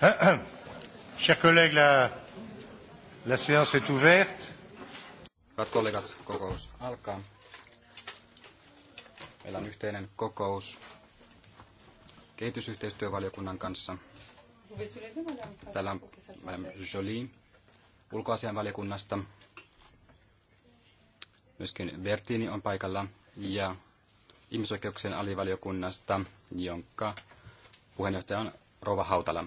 Chers collègues, la, la séance est ouverte. Hyvät kollegat, kokous alkaa. Meillä on yhteinen kokous kehitysyhteistyövaliokunnan kanssa. Täällä on Madame Jolie ulkoasianvaliokunnasta. Myöskin Bertini on paikalla ja ihmisoikeuksien alivaliokunnasta, jonka puheenjohtaja on Rova Hautala.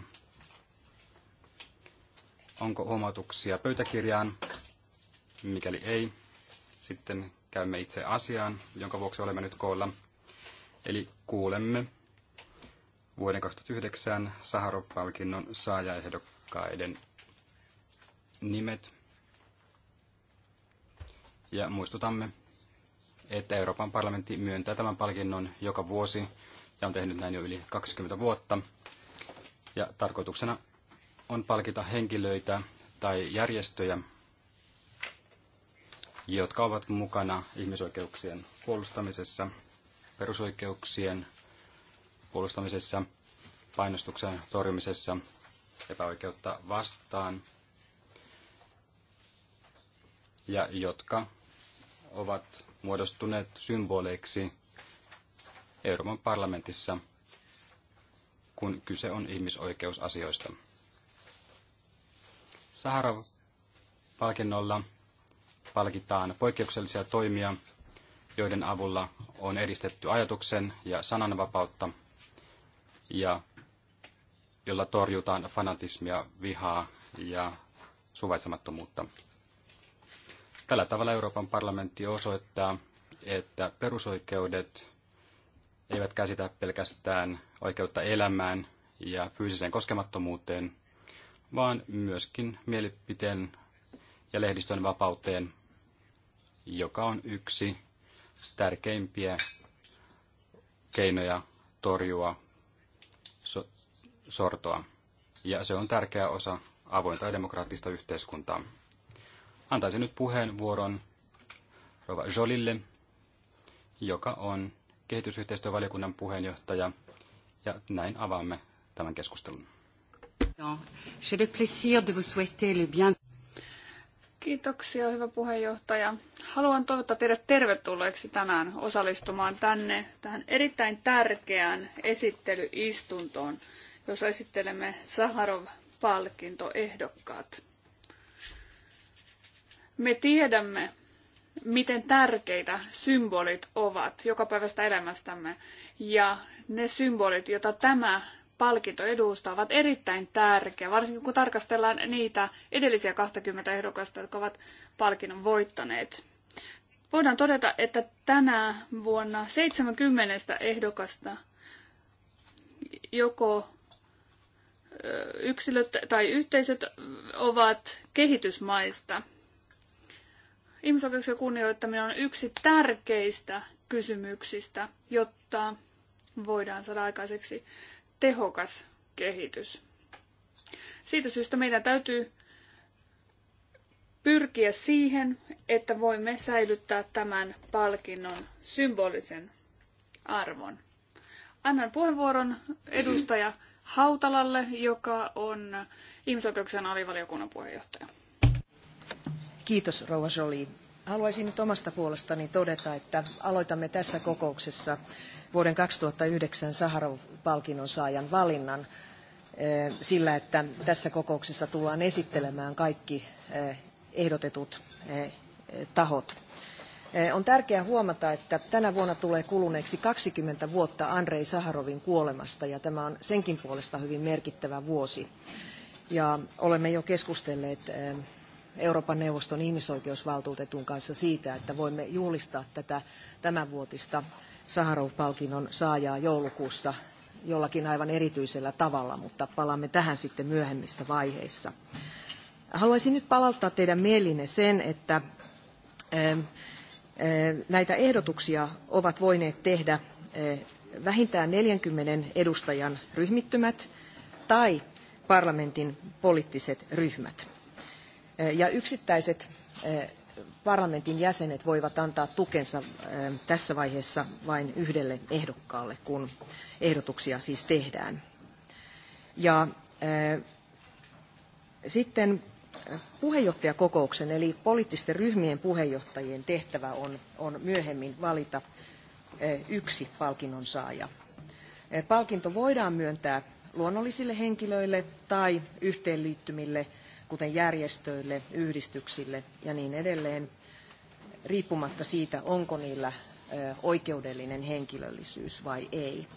Onko huomautuksia pöytäkirjaan? Mikäli ei, sitten käymme itse asiaan, jonka vuoksi olemme nyt koolla. Eli kuulemme vuoden 2009 Saharov-palkinnon saajaehdokkaiden nimet. Ja muistutamme, että Euroopan parlamentti myöntää tämän palkinnon joka vuosi ja on tehnyt näin jo yli 20 vuotta. Ja tarkoituksena on palkita henkilöitä tai järjestöjä, jotka ovat mukana ihmisoikeuksien puolustamisessa, perusoikeuksien puolustamisessa, painostuksen torjumisessa, epäoikeutta vastaan ja jotka ovat muodostuneet symboleiksi Euroopan parlamentissa, kun kyse on ihmisoikeusasioista. Saharov-palkinnolla palkitaan poikkeuksellisia toimia, joiden avulla on edistetty ajatuksen ja sananvapautta ja jolla torjutaan fanatismia, vihaa ja suvaitsemattomuutta. Tällä tavalla Euroopan parlamentti osoittaa, että perusoikeudet eivät käsitä pelkästään oikeutta elämään ja fyysiseen koskemattomuuteen, vaan myöskin mielipiteen ja lehdistön vapauteen, joka on yksi tärkeimpiä keinoja torjua so- sortoa. Ja se on tärkeä osa avointa ja demokraattista yhteiskuntaa. Antaisin nyt puheenvuoron Rova Jolille, joka on kehitysyhteistyövaliokunnan puheenjohtaja, ja näin avaamme tämän keskustelun. Kiitoksia, hyvä puheenjohtaja. Haluan toivottaa teidät tervetulleeksi tänään osallistumaan tänne tähän erittäin tärkeään esittelyistuntoon, jossa esittelemme Saharov-palkintoehdokkaat. Me tiedämme, miten tärkeitä symbolit ovat jokapäiväistä elämästämme ja ne symbolit, joita tämä palkinto edusta ovat erittäin tärkeä, varsinkin kun tarkastellaan niitä edellisiä 20 ehdokasta, jotka ovat palkinnon voittaneet. Voidaan todeta, että tänä vuonna 70 ehdokasta joko yksilöt tai yhteisöt ovat kehitysmaista. Ihmisoikeuksien kunnioittaminen on yksi tärkeistä kysymyksistä, jotta voidaan saada aikaiseksi tehokas kehitys. Siitä syystä meidän täytyy pyrkiä siihen, että voimme säilyttää tämän palkinnon symbolisen arvon. Annan puheenvuoron edustaja Hautalalle, joka on ihmisoikeuksien alivaliokunnan puheenjohtaja. Kiitos, rouva Jolie. Haluaisin nyt omasta puolestani todeta, että aloitamme tässä kokouksessa vuoden 2009 Saharov palkinnon saajan valinnan eh, sillä, että tässä kokouksessa tullaan esittelemään kaikki eh, ehdotetut eh, tahot. On tärkeää huomata, että tänä vuonna tulee kuluneeksi 20 vuotta Andrei Saharovin kuolemasta ja tämä on senkin puolesta hyvin merkittävä vuosi. Ja olemme jo keskustelleet Euroopan neuvoston ihmisoikeusvaltuutetun kanssa siitä, että voimme juhlistaa tätä tämänvuotista Saharov-palkinnon saajaa joulukuussa jollakin aivan erityisellä tavalla, mutta palaamme tähän sitten myöhemmissä vaiheissa. Haluaisin nyt palauttaa teidän mielinne sen, että ähm, äh, näitä ehdotuksia ovat voineet tehdä äh, vähintään 40 edustajan ryhmittymät tai parlamentin poliittiset ryhmät. Äh, ja yksittäiset parlamentin jäsenet voivat antaa tukensa ähm, tässä vaiheessa vain yhdelle ehdokkaalle, kun ehdotuksia siis tehdään. Ja äh, sitten puheenjohtajakokouksen eli poliittisten ryhmien puheenjohtajien tehtävä on, on myöhemmin valita äh, yksi palkinnon saaja. Äh, palkinto voidaan myöntää luonnollisille henkilöille tai yhteenliittymille – kuten järjestöille, yhdistyksille ja niin edelleen, riippumatta siitä, onko niillä oikeudellinen henkilöllisyys vai ei.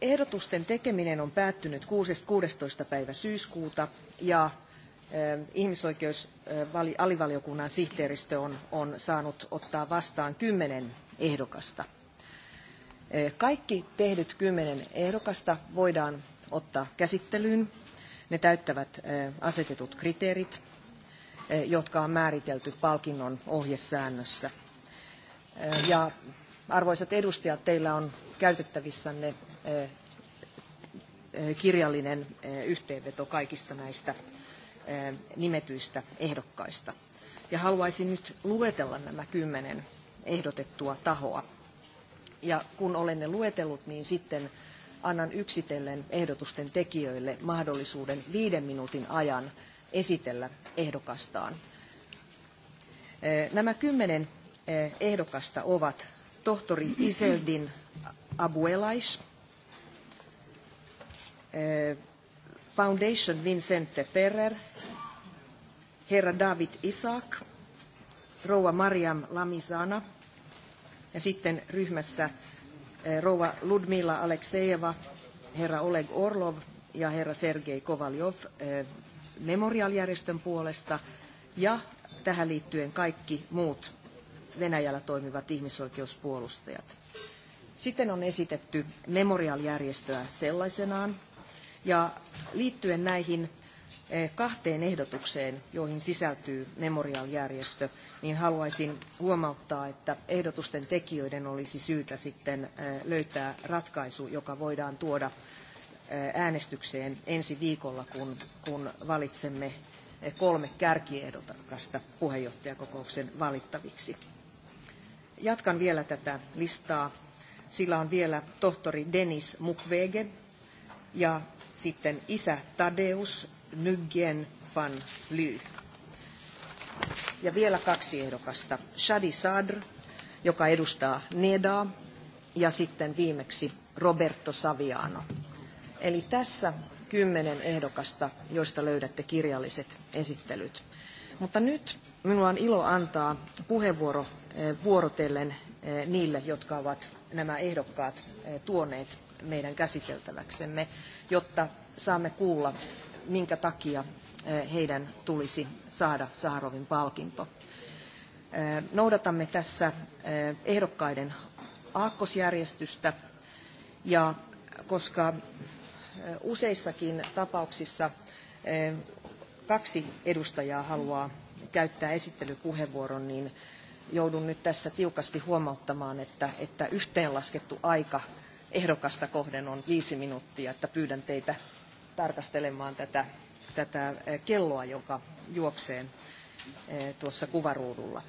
Ehdotusten tekeminen on päättynyt 16. päivä syyskuuta ja ihmisoikeusalivaliokunnan sihteeristö on, on saanut ottaa vastaan kymmenen ehdokasta. Kaikki tehdyt kymmenen ehdokasta voidaan ottaa käsittelyyn ne täyttävät asetetut kriteerit, jotka on määritelty palkinnon ohjesäännössä. Ja arvoisat edustajat, teillä on käytettävissänne kirjallinen yhteenveto kaikista näistä nimetyistä ehdokkaista. Ja haluaisin nyt luetella nämä kymmenen ehdotettua tahoa. Ja kun olen ne luetellut, niin sitten annan yksitellen ehdotusten tekijöille mahdollisuuden viiden minuutin ajan esitellä ehdokastaan. Nämä kymmenen ehdokasta ovat tohtori Iseldin Abuelais, Foundation Vincente Ferrer, herra David Isaac, rouva Mariam Lamizana ja sitten ryhmässä Eh, rouva Ludmila Aleksejeva, herra Oleg Orlov ja herra Sergei Kovaljov eh, memorialjärjestön puolesta ja tähän liittyen kaikki muut Venäjällä toimivat ihmisoikeuspuolustajat. Sitten on esitetty memorialjärjestöä sellaisenaan ja liittyen näihin Eh, kahteen ehdotukseen, joihin sisältyy Memorial-järjestö, niin haluaisin huomauttaa, että ehdotusten tekijöiden olisi syytä sitten eh, löytää ratkaisu, joka voidaan tuoda eh, äänestykseen ensi viikolla, kun, kun valitsemme kolme kärkiehdokasta puheenjohtajakokouksen valittaviksi. Jatkan vielä tätä listaa. Sillä on vielä tohtori Denis Mukwege ja sitten isä Tadeus Nguyen Van Ly. Ja vielä kaksi ehdokasta. Shadi Sadr, joka edustaa NEDAa, ja sitten viimeksi Roberto Saviano. Eli tässä kymmenen ehdokasta, joista löydätte kirjalliset esittelyt. Mutta nyt minulla on ilo antaa puheenvuoro eh, vuorotellen eh, niille, jotka ovat nämä ehdokkaat eh, tuoneet meidän käsiteltäväksemme, jotta saamme kuulla minkä takia eh, heidän tulisi saada Saharovin palkinto. Eh, noudatamme tässä eh, ehdokkaiden aakkosjärjestystä ja koska useissakin tapauksissa kaksi edustajaa haluaa käyttää esittelypuheenvuoron, niin joudun nyt tässä tiukasti huomauttamaan, että, että yhteenlaskettu aika ehdokasta kohden on viisi minuuttia, että pyydän teitä tarkastelemaan tätä, tätä eh, kelloa, joka juoksee eh, tuossa kuvaruudulla.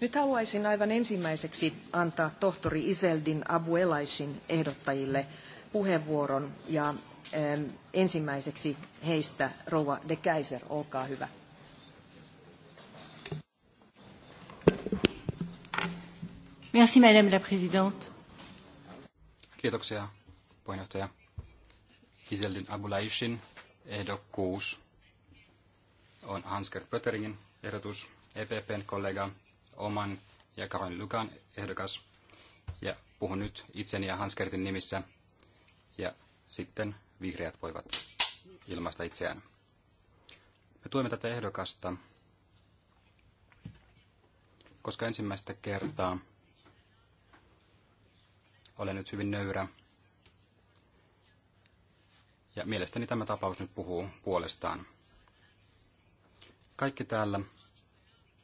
Nyt haluaisin aivan ensimmäiseksi antaa tohtori Iseldin Abuelaisin ehdottajille puheenvuoron ja ensimmäiseksi heistä rouva de Kaiser, olkaa hyvä. Merci madame la présidente. Kiitoksia puheenjohtaja. Iseldin Abulaishin ehdokkuus on Hansker Pöteringin ehdotus, EPPn kollega Oman ja Karin Lukan ehdokas. Ja puhun nyt itseni ja Hanskertin nimissä. Ja sitten vihreät voivat ilmaista itseään. Me tuemme tätä ehdokasta, koska ensimmäistä kertaa olen nyt hyvin nöyrä ja mielestäni tämä tapaus nyt puhuu puolestaan. Kaikki täällä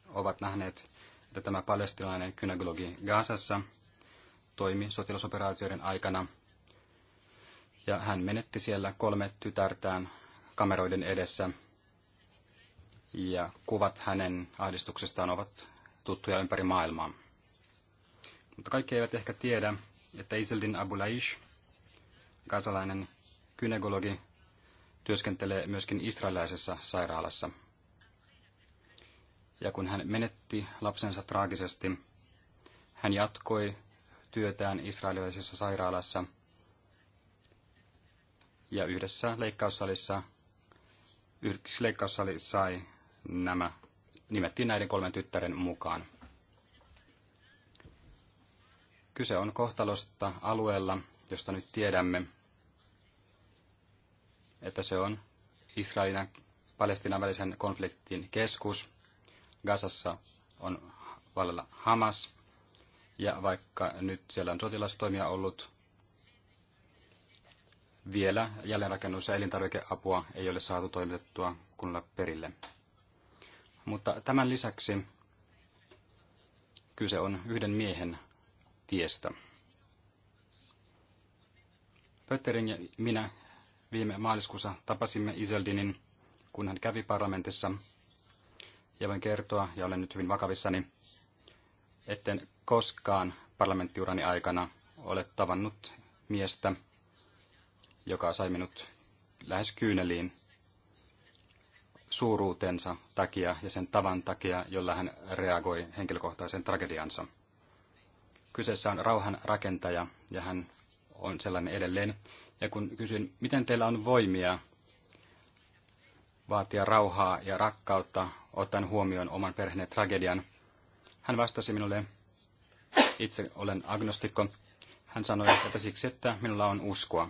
ovat nähneet, että tämä palestinainen kynagologi Gaasassa toimi sotilasoperaatioiden aikana. Ja hän menetti siellä kolme tytärtään kameroiden edessä. Ja kuvat hänen ahdistuksestaan ovat tuttuja ympäri maailmaa. Mutta kaikki eivät ehkä tiedä, että Iseldin Abu Laish, kansalainen kynekologi työskentelee myöskin israelilaisessa sairaalassa. Ja kun hän menetti lapsensa traagisesti, hän jatkoi työtään israelilaisessa sairaalassa ja yhdessä leikkaussalissa, yksi leikkaussali sai nämä, nimettiin näiden kolmen tyttären mukaan. Kyse on kohtalosta alueella, josta nyt tiedämme, että se on Israelin ja Palestinan välisen konfliktin keskus. Gazassa on vallalla Hamas, ja vaikka nyt siellä on sotilastoimia ollut, vielä jälleenrakennus- ja elintarvikeapua ei ole saatu toimitettua kunnolla perille. Mutta tämän lisäksi kyse on yhden miehen tiestä. Pötterin ja minä Viime maaliskuussa tapasimme Iseldinin, kun hän kävi parlamentissa. Ja voin kertoa, ja olen nyt hyvin vakavissani, etten koskaan parlamenttiurani aikana ole tavannut miestä, joka sai minut lähes kyyneliin suuruutensa takia ja sen tavan takia, jolla hän reagoi henkilökohtaiseen tragediansa. Kyseessä on rauhan rakentaja ja hän on sellainen edelleen. Ja kun kysyin, miten teillä on voimia vaatia rauhaa ja rakkautta ottaen huomioon oman perheen tragedian, hän vastasi minulle, itse olen agnostikko, hän sanoi, että siksi, että minulla on uskoa.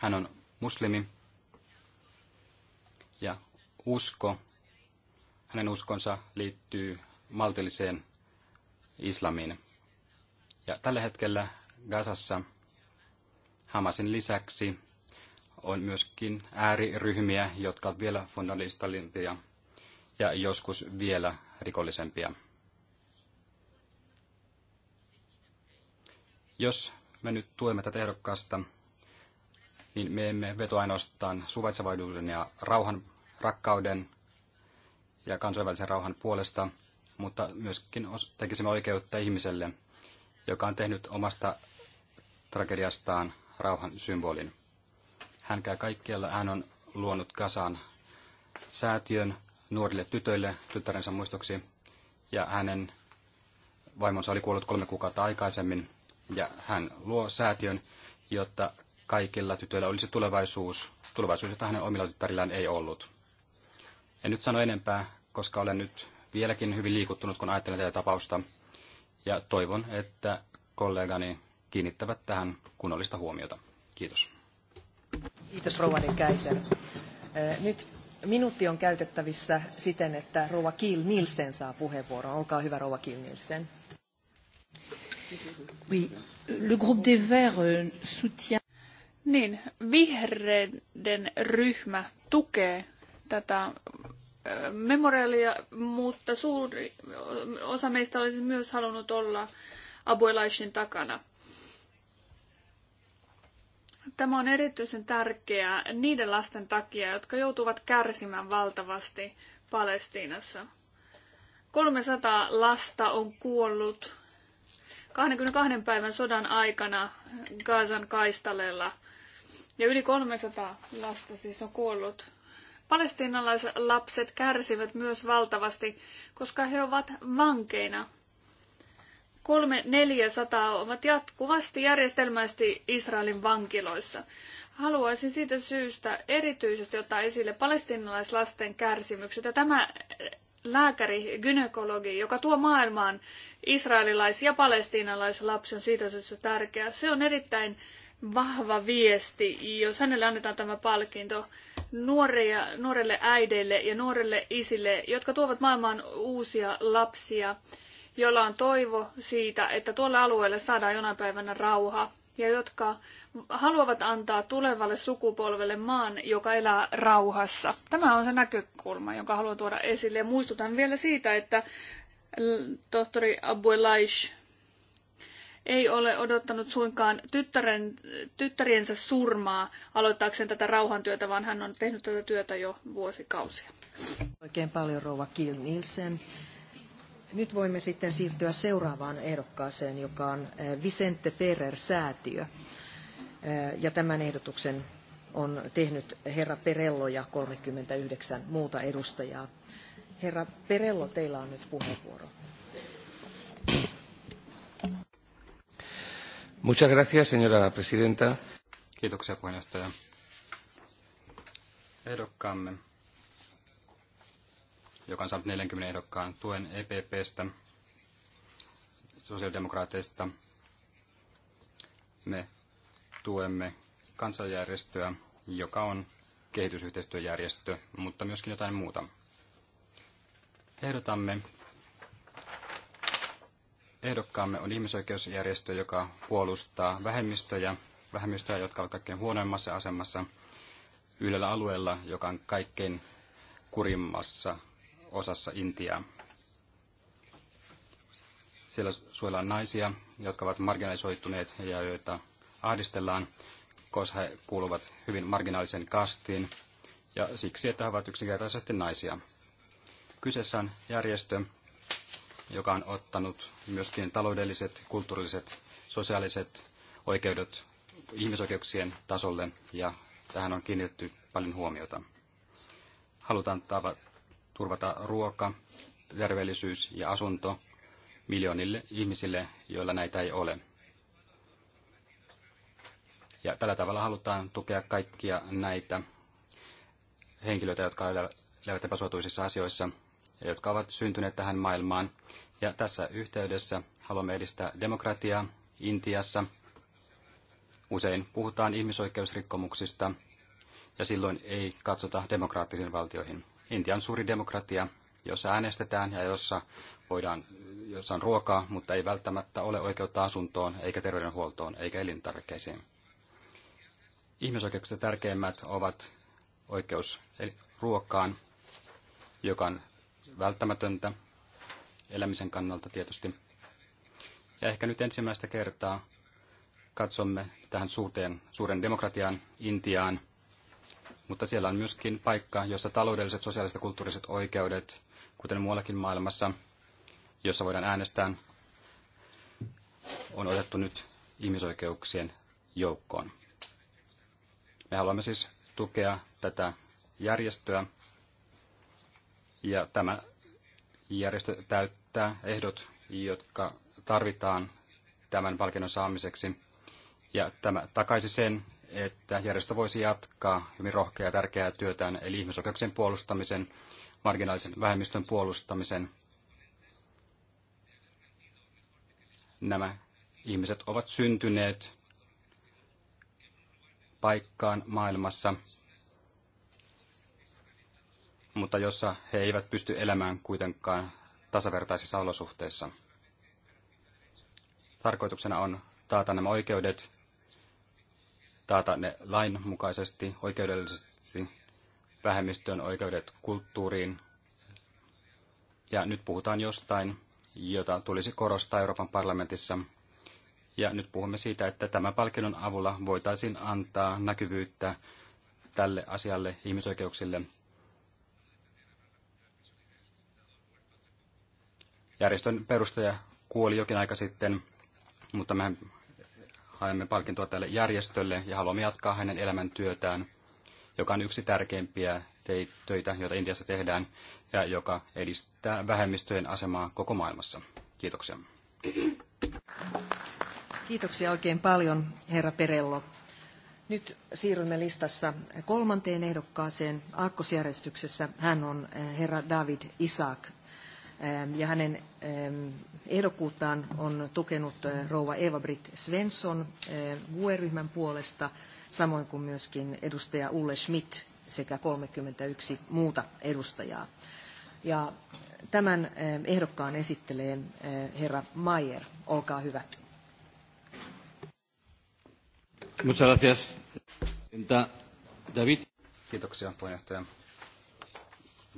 Hän on muslimi ja usko, hänen uskonsa liittyy maltilliseen islamiin. Ja tällä hetkellä Gazassa Hamasin lisäksi on myöskin ääriryhmiä, jotka ovat vielä fundamentalistisempia ja joskus vielä rikollisempia. Jos me nyt tuemme tätä ehdokkaasta, niin me emme veto ainoastaan suvaitsevaisuuden ja rauhan, rakkauden ja kansainvälisen rauhan puolesta, mutta myöskin tekisimme oikeutta ihmiselle, joka on tehnyt omasta tragediastaan rauhan symbolin. Hän käy kaikkialla, hän on luonut kasaan säätiön nuorille tytöille tyttärensä muistoksi, ja hänen vaimonsa oli kuollut kolme kuukautta aikaisemmin, ja hän luo säätiön, jotta kaikilla tytöillä olisi tulevaisuus, tulevaisuus, jota hänen omilla tyttärillään ei ollut. En nyt sano enempää, koska olen nyt vieläkin hyvin liikuttunut, kun ajattelen tätä tapausta, ja toivon, että kollegani kiinnittävät tähän kunnollista huomiota. Kiitos. Kiitos Rouvanen Käisen. Nyt minuutti on käytettävissä siten, että Rouva Kiil Nielsen saa puheenvuoron. Olkaa hyvä Rouva Kiil Nielsen. Oui. Le groupe des Verts euh, soutient... Niin, vihreiden ryhmä tukee tätä memorialia, mutta suuri osa meistä olisi myös halunnut olla Abuelaisin takana. Tämä on erityisen tärkeää niiden lasten takia, jotka joutuvat kärsimään valtavasti Palestiinassa. 300 lasta on kuollut 22 päivän sodan aikana Gazan kaistalella. Ja yli 300 lasta siis on kuollut. Palestiinalaiset lapset kärsivät myös valtavasti, koska he ovat vankeina – Kolme sataa ovat jatkuvasti järjestelmästi Israelin vankiloissa. Haluaisin siitä syystä erityisesti ottaa esille palestinalaislasten kärsimykset. Ja tämä lääkäri, gynekologi, joka tuo maailmaan israelilais- ja palestiinalaislapsen, siitä syystä tärkeä. Se on erittäin vahva viesti, jos hänelle annetaan tämä palkinto nuoria, nuorelle äideille ja nuorelle isille, jotka tuovat maailmaan uusia lapsia joilla on toivo siitä, että tuolle alueelle saadaan jonain päivänä rauha ja jotka haluavat antaa tulevalle sukupolvelle maan, joka elää rauhassa. Tämä on se näkökulma, jonka haluan tuoda esille. Ja muistutan vielä siitä, että tohtori Elaish ei ole odottanut suinkaan tyttären, tyttäriensä surmaa aloittaakseen tätä rauhantyötä, vaan hän on tehnyt tätä työtä jo vuosikausia. Oikein paljon rouva Kiel Nielsen. Nyt voimme sitten siirtyä seuraavaan ehdokkaaseen, joka on eh, Vicente Ferrer-säätiö. Eh, ja tämän ehdotuksen on tehnyt herra Perello ja 39 muuta edustajaa. Herra Perello, teillä on nyt puheenvuoro. Muchas gracias, señora presidenta. Kiitoksia puheenjohtaja. Ehdokkaamme joka on saanut 40 ehdokkaan tuen EPPstä, sosiaalidemokraateista. Me tuemme kansanjärjestöä, joka on kehitysyhteistyöjärjestö, mutta myöskin jotain muuta. Ehdotamme ehdokkaamme on ihmisoikeusjärjestö, joka puolustaa vähemmistöjä, vähemmistöjä, jotka ovat kaikkein huonoimmassa asemassa yhdellä alueella, joka on kaikkein kurimmassa osassa Intiaa. Siellä suojellaan naisia, jotka ovat marginalisoituneet ja joita ahdistellaan, koska he kuuluvat hyvin marginaalisen kastiin ja siksi, että he ovat yksinkertaisesti naisia. Kyseessä on järjestö, joka on ottanut myöskin taloudelliset, kulttuuriset, sosiaaliset oikeudet ihmisoikeuksien tasolle ja tähän on kiinnitetty paljon huomiota. Halutaan turvata ruoka, terveellisyys ja asunto miljoonille ihmisille, joilla näitä ei ole. Ja tällä tavalla halutaan tukea kaikkia näitä henkilöitä, jotka elävät epäsuotuisissa asioissa ja jotka ovat syntyneet tähän maailmaan. Ja tässä yhteydessä haluamme edistää demokratiaa Intiassa. Usein puhutaan ihmisoikeusrikkomuksista ja silloin ei katsota demokraattisiin valtioihin. Intian suuri demokratia, jossa äänestetään ja jossa voidaan, jossa on ruokaa, mutta ei välttämättä ole oikeutta asuntoon, eikä terveydenhuoltoon, eikä elintarvikkeisiin. Ihmisoikeuksista tärkeimmät ovat oikeus ruokaan, joka on välttämätöntä elämisen kannalta tietysti. Ja ehkä nyt ensimmäistä kertaa katsomme tähän suuteen, suuren demokratiaan, Intiaan – mutta siellä on myöskin paikka, jossa taloudelliset, sosiaaliset ja kulttuuriset oikeudet, kuten muuallakin maailmassa, jossa voidaan äänestää, on otettu nyt ihmisoikeuksien joukkoon. Me haluamme siis tukea tätä järjestöä, ja tämä järjestö täyttää ehdot, jotka tarvitaan tämän palkinnon saamiseksi. Ja tämä takaisi sen, että järjestö voisi jatkaa hyvin rohkeaa ja tärkeää työtään, eli ihmisoikeuksien puolustamisen, marginaalisen vähemmistön puolustamisen. Nämä ihmiset ovat syntyneet paikkaan maailmassa, mutta jossa he eivät pysty elämään kuitenkaan tasavertaisissa olosuhteissa. Tarkoituksena on taata nämä oikeudet taata ne lainmukaisesti, oikeudellisesti, vähemmistön oikeudet kulttuuriin. Ja nyt puhutaan jostain, jota tulisi korostaa Euroopan parlamentissa. Ja nyt puhumme siitä, että tämän palkinnon avulla voitaisiin antaa näkyvyyttä tälle asialle, ihmisoikeuksille. Järjestön perustaja kuoli jokin aika sitten, mutta mehän haemme palkintoa tälle järjestölle ja haluamme jatkaa hänen elämäntyötään, joka on yksi tärkeimpiä töitä, joita Intiassa tehdään ja joka edistää vähemmistöjen asemaa koko maailmassa. Kiitoksia. Kiitoksia oikein paljon, herra Perello. Nyt siirrymme listassa kolmanteen ehdokkaaseen. Aakkosjärjestyksessä hän on eh, herra David Isaac Ehm, ja hänen ehm, ehdokkuuttaan on tukenut eh, rouva Eva-Britt Svensson eh, GUE-ryhmän puolesta, samoin kuin myöskin edustaja Ulle Schmidt sekä 31 muuta edustajaa. Ja tämän eh, ehdokkaan esittelee herra Mayer. Olkaa hyvä. Muchas gracias. David. Kiitoksia puheenjohtaja.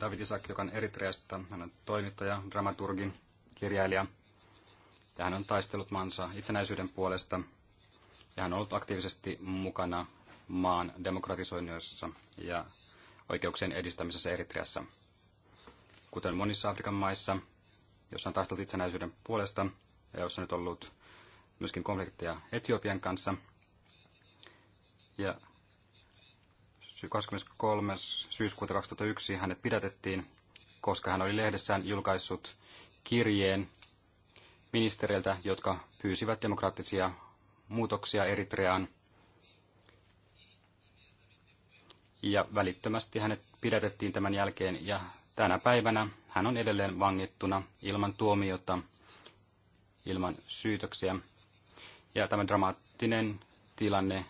David Isak, joka on Eritreasta. Hän on toimittaja, dramaturgi, kirjailija. Ja hän on taistellut maansa itsenäisyyden puolesta. Ja hän on ollut aktiivisesti mukana maan demokratisoinnissa ja oikeuksien edistämisessä Eritreassa. Kuten monissa Afrikan maissa, jossa on taistellut itsenäisyyden puolesta ja jossa on nyt ollut myöskin konflikteja Etiopian kanssa. Ja 23. syyskuuta 2001 hänet pidätettiin, koska hän oli lehdessään julkaissut kirjeen ministereiltä, jotka pyysivät demokraattisia muutoksia Eritreaan. Ja välittömästi hänet pidätettiin tämän jälkeen ja tänä päivänä hän on edelleen vangittuna ilman tuomiota, ilman syytöksiä. Ja tämä dramaattinen tilanne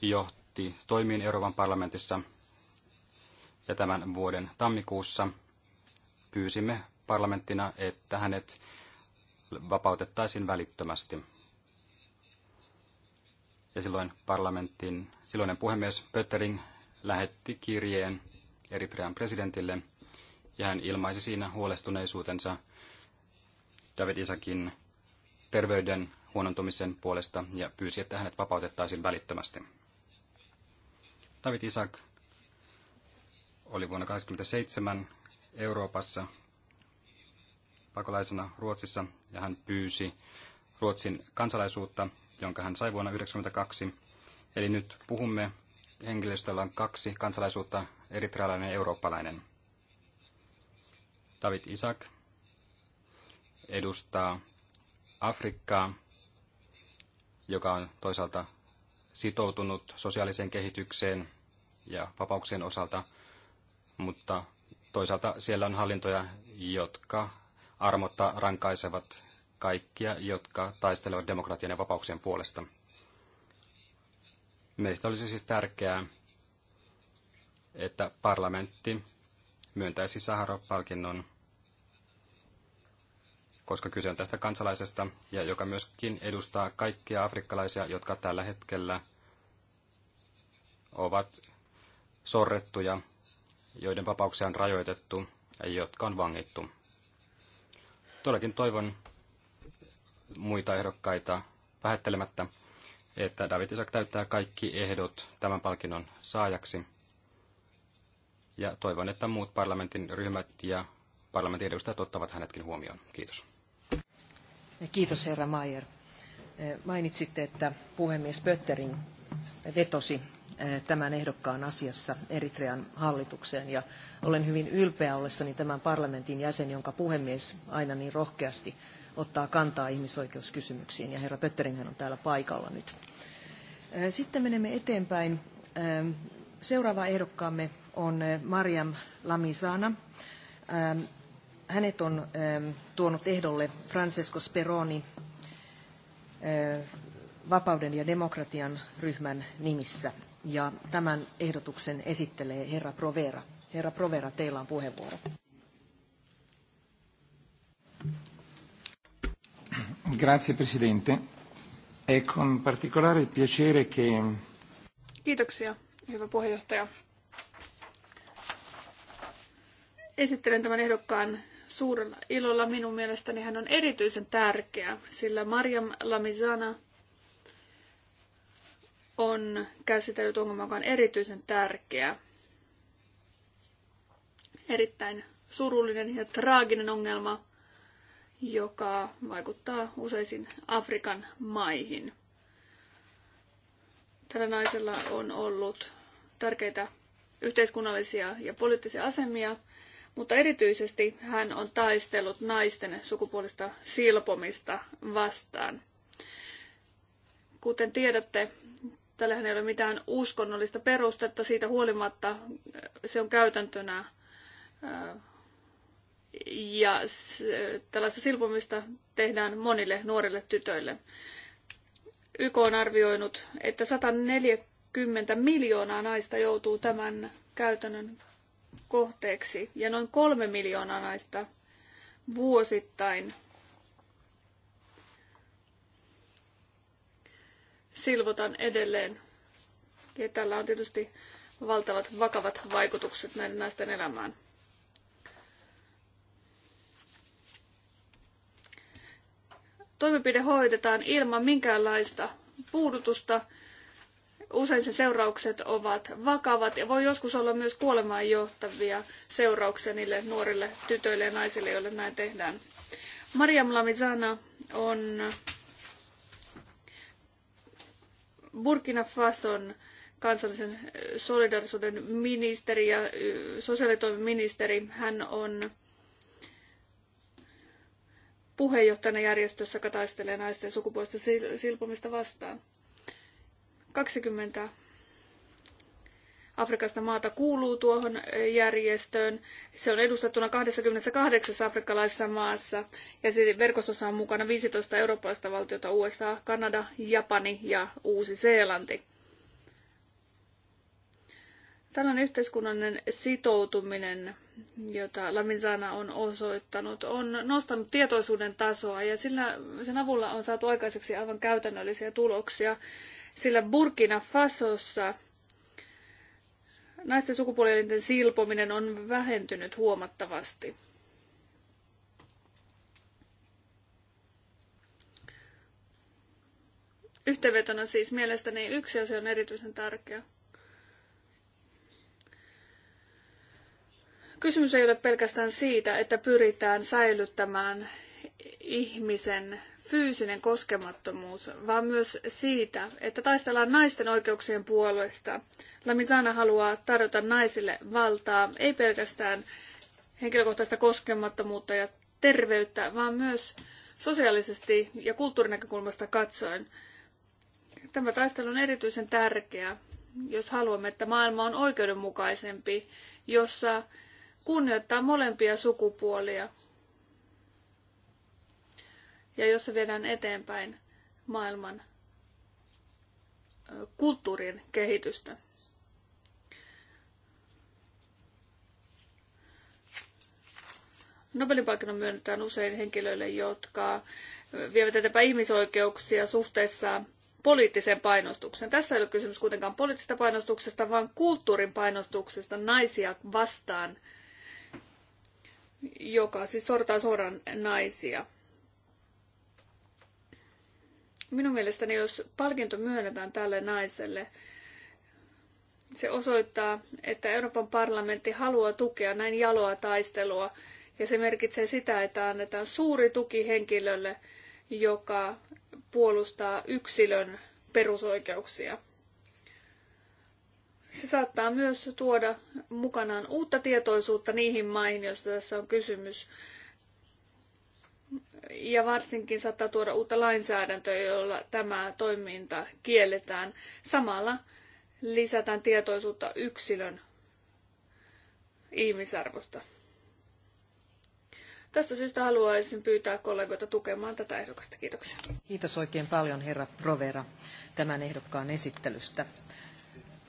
johtuu ryhtyi toimiin Euroopan parlamentissa. Ja tämän vuoden tammikuussa pyysimme parlamenttina, että hänet vapautettaisiin välittömästi. Ja silloin parlamentin silloinen puhemies Pöttering lähetti kirjeen Eritrean presidentille, ja hän ilmaisi siinä huolestuneisuutensa David Isakin terveyden huonontumisen puolesta ja pyysi, että hänet vapautettaisiin välittömästi. David Isak oli vuonna 1987 Euroopassa pakolaisena Ruotsissa ja hän pyysi Ruotsin kansalaisuutta, jonka hän sai vuonna 1992. Eli nyt puhumme henkilöstöllä on kaksi kansalaisuutta, eritrealainen ja eurooppalainen. David Isak edustaa Afrikkaa, joka on toisaalta sitoutunut sosiaaliseen kehitykseen ja vapauksien osalta, mutta toisaalta siellä on hallintoja, jotka armotta rankaisevat kaikkia, jotka taistelevat demokratian ja vapauksien puolesta. Meistä olisi siis tärkeää, että parlamentti myöntäisi saharo palkinnon koska kyse on tästä kansalaisesta, ja joka myöskin edustaa kaikkia afrikkalaisia, jotka tällä hetkellä ovat sorrettuja, joiden vapauksia on rajoitettu ja jotka on vangittu. Todellakin toivon muita ehdokkaita vähättelemättä, että David Isak täyttää kaikki ehdot tämän palkinnon saajaksi. Ja toivon, että muut parlamentin ryhmät ja parlamentin edustajat ottavat hänetkin huomioon. Kiitos. Kiitos herra Mayer. Eh, mainitsitte, että puhemies Pöttering vetosi eh, tämän ehdokkaan asiassa Eritrean hallitukseen. Ja olen hyvin ylpeä ollessani tämän parlamentin jäsen, jonka puhemies aina niin rohkeasti ottaa kantaa ihmisoikeuskysymyksiin. Ja herra Pötteringhän on täällä paikalla nyt. Eh, sitten menemme eteenpäin. Seuraava ehdokkaamme on Mariam Lamisana hänet on ähm, tuonut ehdolle Francesco Speroni äh, vapauden ja demokratian ryhmän nimissä. Ja tämän ehdotuksen esittelee herra Provera. Herra Provera, teillä on puheenvuoro. Grazie Presidente. È con particolare piacere che... Kiitoksia, hyvä puheenjohtaja. Esittelen tämän ehdokkaan suurella ilolla minun mielestäni hän on erityisen tärkeä, sillä Mariam Lamizana on käsitellyt ongelman, joka on erityisen tärkeä. Erittäin surullinen ja traaginen ongelma, joka vaikuttaa useisiin Afrikan maihin. Tällä naisella on ollut tärkeitä yhteiskunnallisia ja poliittisia asemia – mutta erityisesti hän on taistellut naisten sukupuolista silpomista vastaan. Kuten tiedätte, tällähän ei ole mitään uskonnollista perustetta, siitä huolimatta äh, se on käytäntönä äh, ja tällaista silpomista tehdään monille nuorille tytöille. YK on arvioinut, että 140 miljoonaa naista joutuu tämän käytännön kohteeksi ja noin kolme miljoonaa naista vuosittain silvotaan edelleen. Ja tällä on tietysti valtavat vakavat vaikutukset näiden naisten elämään. Toimenpide hoidetaan ilman minkäänlaista puudutusta usein sen seuraukset ovat vakavat ja voi joskus olla myös kuolemaan johtavia seurauksia niille nuorille tytöille ja naisille, joille näin tehdään. Mariam Lamizana on Burkina Fason kansallisen solidarisuuden ministeri ja sosiaalitoimiministeri. Hän on puheenjohtajana järjestössä, joka taistelee naisten sukupuolista silpomista vastaan. 20 Afrikasta maata kuuluu tuohon järjestöön. Se on edustettuna 28 afrikkalaisessa maassa ja se verkostossa on mukana 15 eurooppalaista valtiota USA, Kanada, Japani ja Uusi-Seelanti. Tällainen yhteiskunnallinen sitoutuminen, jota Lamizana on osoittanut, on nostanut tietoisuuden tasoa ja sillä, sen avulla on saatu aikaiseksi aivan käytännöllisiä tuloksia sillä Burkina Fasossa naisten sukupuolielinten silpominen on vähentynyt huomattavasti. Yhteenvetona siis mielestäni yksi asia on erityisen tärkeä. Kysymys ei ole pelkästään siitä, että pyritään säilyttämään ihmisen fyysinen koskemattomuus, vaan myös siitä, että taistellaan naisten oikeuksien puolesta. Lamisana haluaa tarjota naisille valtaa, ei pelkästään henkilökohtaista koskemattomuutta ja terveyttä, vaan myös sosiaalisesti ja kulttuurinäkökulmasta katsoen. Tämä taistelu on erityisen tärkeä, jos haluamme, että maailma on oikeudenmukaisempi, jossa kunnioittaa molempia sukupuolia – ja jossa viedään eteenpäin maailman kulttuurin kehitystä. Nobelin palkinnon myönnetään usein henkilöille, jotka vievät eteenpäin ihmisoikeuksia suhteessa poliittiseen painostukseen. Tässä ei ole kysymys kuitenkaan poliittisesta painostuksesta, vaan kulttuurin painostuksesta naisia vastaan, joka siis sortaa suoraan naisia. Minun mielestäni, jos palkinto myönnetään tälle naiselle, se osoittaa, että Euroopan parlamentti haluaa tukea näin jaloa taistelua. Ja se merkitsee sitä, että annetaan suuri tuki henkilölle, joka puolustaa yksilön perusoikeuksia. Se saattaa myös tuoda mukanaan uutta tietoisuutta niihin maihin, joista tässä on kysymys, ja varsinkin saattaa tuoda uutta lainsäädäntöä, jolla tämä toiminta kielletään. Samalla lisätään tietoisuutta yksilön ihmisarvosta. Tästä syystä haluaisin pyytää kollegoita tukemaan tätä ehdokasta. Kiitoksia. Kiitos oikein paljon herra Provera tämän ehdokkaan esittelystä.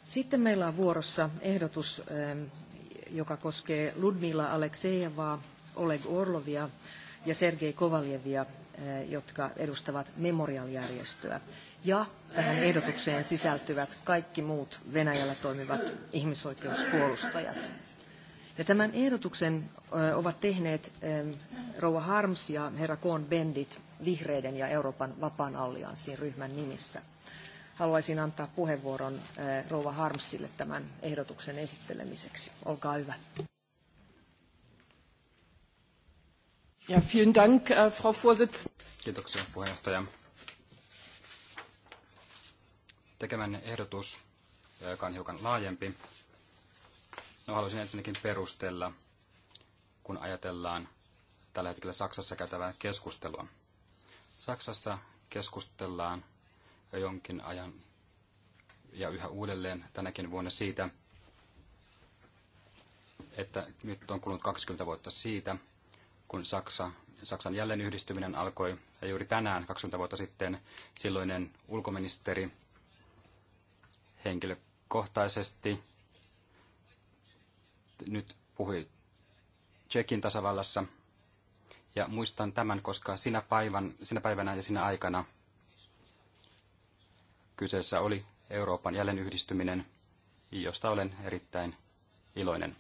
Sitten meillä on vuorossa ehdotus, eh, joka koskee Ludmila Aleksejevaa, Oleg Orlovia, ja Sergei Kovaljevia, eh, jotka edustavat Memorial-järjestöä. Ja tähän ehdotukseen sisältyvät kaikki muut Venäjällä toimivat ihmisoikeuspuolustajat. Ja tämän ehdotuksen eh, ovat tehneet eh, Rouva Harms ja herra Koon Bendit vihreiden ja Euroopan vapaan allianssin ryhmän nimissä. Haluaisin antaa puheenvuoron Rouva Harmsille tämän ehdotuksen esittelemiseksi. Olkaa hyvä. Ja, vielen Dank, äh, Frau Vorsitzende. Kiitoksia, puheenjohtaja. Tekemänne ehdotus, joka on hiukan laajempi, no, haluaisin ensinnäkin perustella, kun ajatellaan tällä hetkellä Saksassa käytävää keskustelua. Saksassa keskustellaan jo jonkin ajan ja yhä uudelleen tänäkin vuonna siitä, että nyt on kulunut 20 vuotta siitä, kun Saksa, Saksan jälleen yhdistyminen alkoi. Ja juuri tänään, 20 vuotta sitten, silloinen ulkoministeri henkilökohtaisesti nyt puhui Tsekin tasavallassa. Ja muistan tämän, koska sinä, päivän, sinä päivänä ja sinä aikana kyseessä oli Euroopan jälleenyhdistyminen, josta olen erittäin iloinen.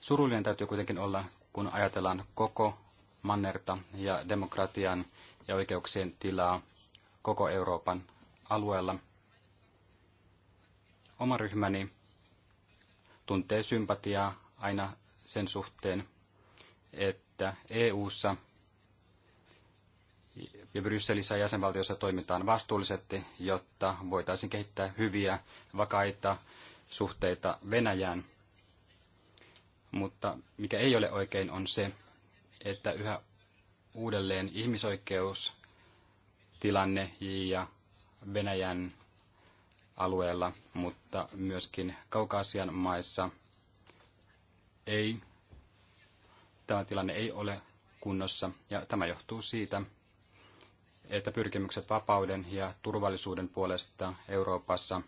Surullinen täytyy kuitenkin olla kun ajatellaan koko mannerta ja demokratian ja oikeuksien tilaa koko Euroopan alueella. Oma ryhmäni tuntee sympatiaa aina sen suhteen, että EU:ssa ja Brysselissä ja jäsenvaltioissa toimitaan vastuullisesti, jotta voitaisiin kehittää hyviä, vakaita suhteita Venäjään – mutta mikä ei ole oikein on se, että yhä uudelleen ihmisoikeustilanne ja Venäjän alueella, mutta myöskin Kaukaasian maissa ei, tämä tilanne ei ole kunnossa. Ja tämä johtuu siitä, että pyrkimykset vapauden ja turvallisuuden puolesta Euroopassa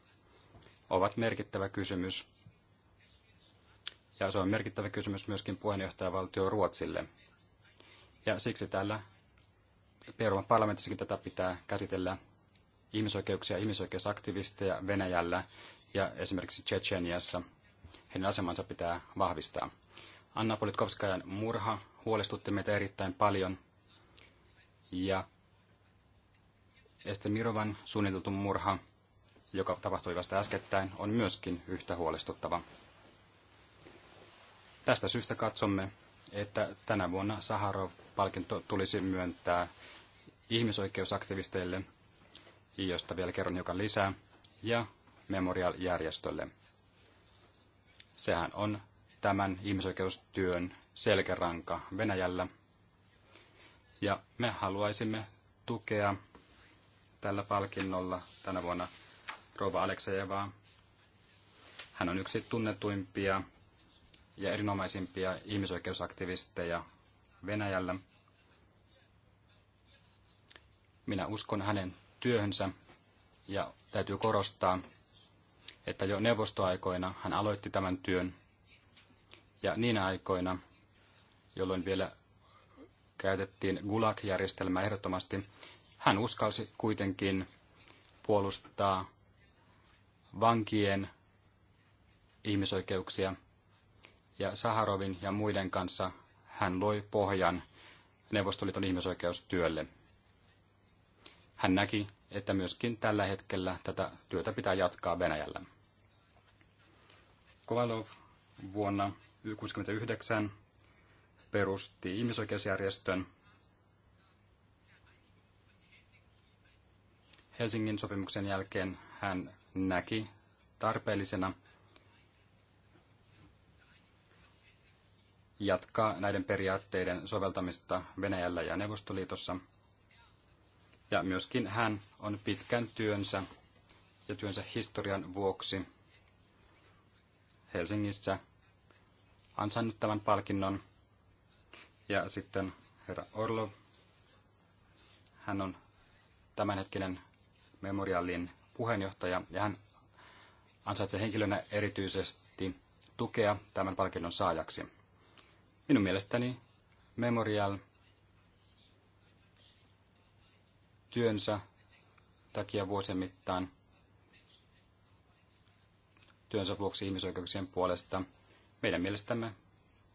ovat merkittävä kysymys, ja se on merkittävä kysymys myöskin puheenjohtajavaltio Ruotsille. Ja siksi täällä Euroopan parlamentissakin tätä pitää käsitellä ihmisoikeuksia, ihmisoikeusaktivisteja Venäjällä ja esimerkiksi Tsetseniassa. Heidän asemansa pitää vahvistaa. Anna Politkovskajan murha huolestutti meitä erittäin paljon. Ja este Mirovan suunniteltu murha, joka tapahtui vasta äskettäin, on myöskin yhtä huolestuttava. Tästä syystä katsomme, että tänä vuonna Saharov-palkinto tulisi myöntää ihmisoikeusaktivisteille, josta vielä kerron joka lisää, ja Memorial-järjestölle. Sehän on tämän ihmisoikeustyön selkäranka Venäjällä. Ja me haluaisimme tukea tällä palkinnolla tänä vuonna Rova Aleksejevaa. Hän on yksi tunnetuimpia ja erinomaisimpia ihmisoikeusaktivisteja Venäjällä. Minä uskon hänen työhönsä ja täytyy korostaa, että jo neuvostoaikoina hän aloitti tämän työn ja niinä aikoina, jolloin vielä käytettiin Gulag-järjestelmää ehdottomasti, hän uskalsi kuitenkin puolustaa vankien ihmisoikeuksia – ja Saharovin ja muiden kanssa hän loi pohjan Neuvostoliiton ihmisoikeustyölle. Hän näki, että myöskin tällä hetkellä tätä työtä pitää jatkaa Venäjällä. Kovalov vuonna 1969 perusti ihmisoikeusjärjestön Helsingin sopimuksen jälkeen hän näki tarpeellisena, jatkaa näiden periaatteiden soveltamista Venäjällä ja Neuvostoliitossa. Ja myöskin hän on pitkän työnsä ja työnsä historian vuoksi Helsingissä ansainnut tämän palkinnon. Ja sitten herra Orlov, hän on tämänhetkinen memoriaalin puheenjohtaja ja hän ansaitsee henkilönä erityisesti tukea tämän palkinnon saajaksi. Minun mielestäni Memorial työnsä takia vuosien mittaan työnsä vuoksi ihmisoikeuksien puolesta. Meidän mielestämme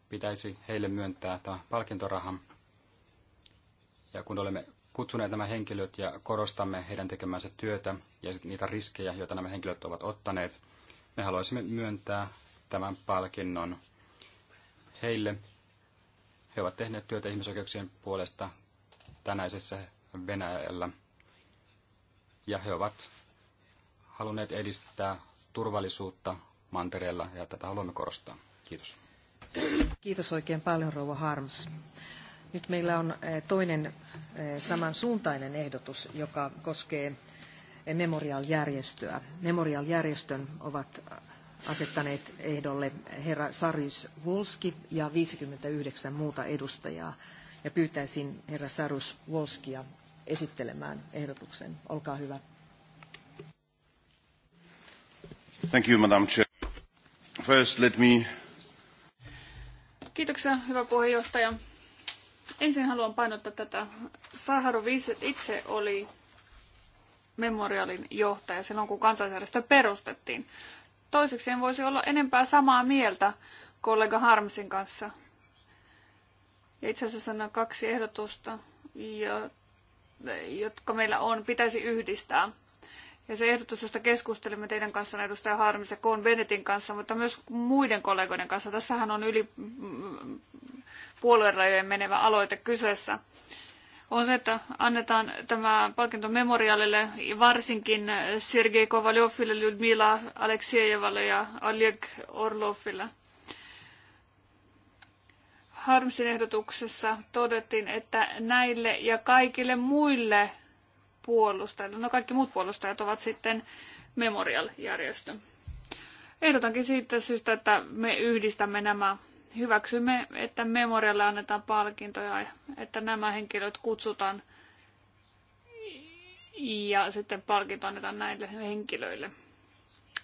pitäisi heille myöntää tämä palkintoraha. Ja kun olemme kutsuneet nämä henkilöt ja korostamme heidän tekemänsä työtä ja niitä riskejä, joita nämä henkilöt ovat ottaneet, me haluaisimme myöntää tämän palkinnon heille he ovat tehneet työtä ihmisoikeuksien puolesta tänäisessä Venäjällä. Ja he ovat halunneet edistää turvallisuutta mantereella ja tätä haluamme korostaa. Kiitos. Kiitos oikein paljon rouva Harms. Nyt meillä on eh, toinen eh, samansuuntainen ehdotus, joka koskee eh, Memorial-järjestöä. Memorial-järjestön ovat asettaneet ehdolle herra Sarjus Wolski ja 59 muuta edustajaa. Ja pyytäisin herra Sarjus Wolskia esittelemään ehdotuksen. Olkaa hyvä. Thank you, Madam Chair. First, let me... Kiitoksia, hyvä puheenjohtaja. Ensin haluan painottaa tätä. Saharu itse oli memorialin johtaja silloin, kun kansalaisjärjestö perustettiin. Toiseksi en voisi olla enempää samaa mieltä kollega Harmsin kanssa. Ja itse asiassa nämä kaksi ehdotusta, jotka meillä on, pitäisi yhdistää. Ja se ehdotus, josta keskustelimme teidän kanssa, edustaja Harmis ja Koon Benetin kanssa, mutta myös muiden kollegoiden kanssa. Tässähän on yli puoluerajojen menevä aloite kyseessä on se, että annetaan tämä palkinto memoriaalille varsinkin Sergei Kovalyoville, Lyudmila Aleksejevalle ja Oleg Orloville. Harmsin ehdotuksessa todettiin, että näille ja kaikille muille puolustajille, no kaikki muut puolustajat ovat sitten Memorial-järjestö. Ehdotankin siitä syystä, että me yhdistämme nämä hyväksymme, että memorialle annetaan palkintoja, että nämä henkilöt kutsutaan ja sitten palkinto annetaan näille henkilöille.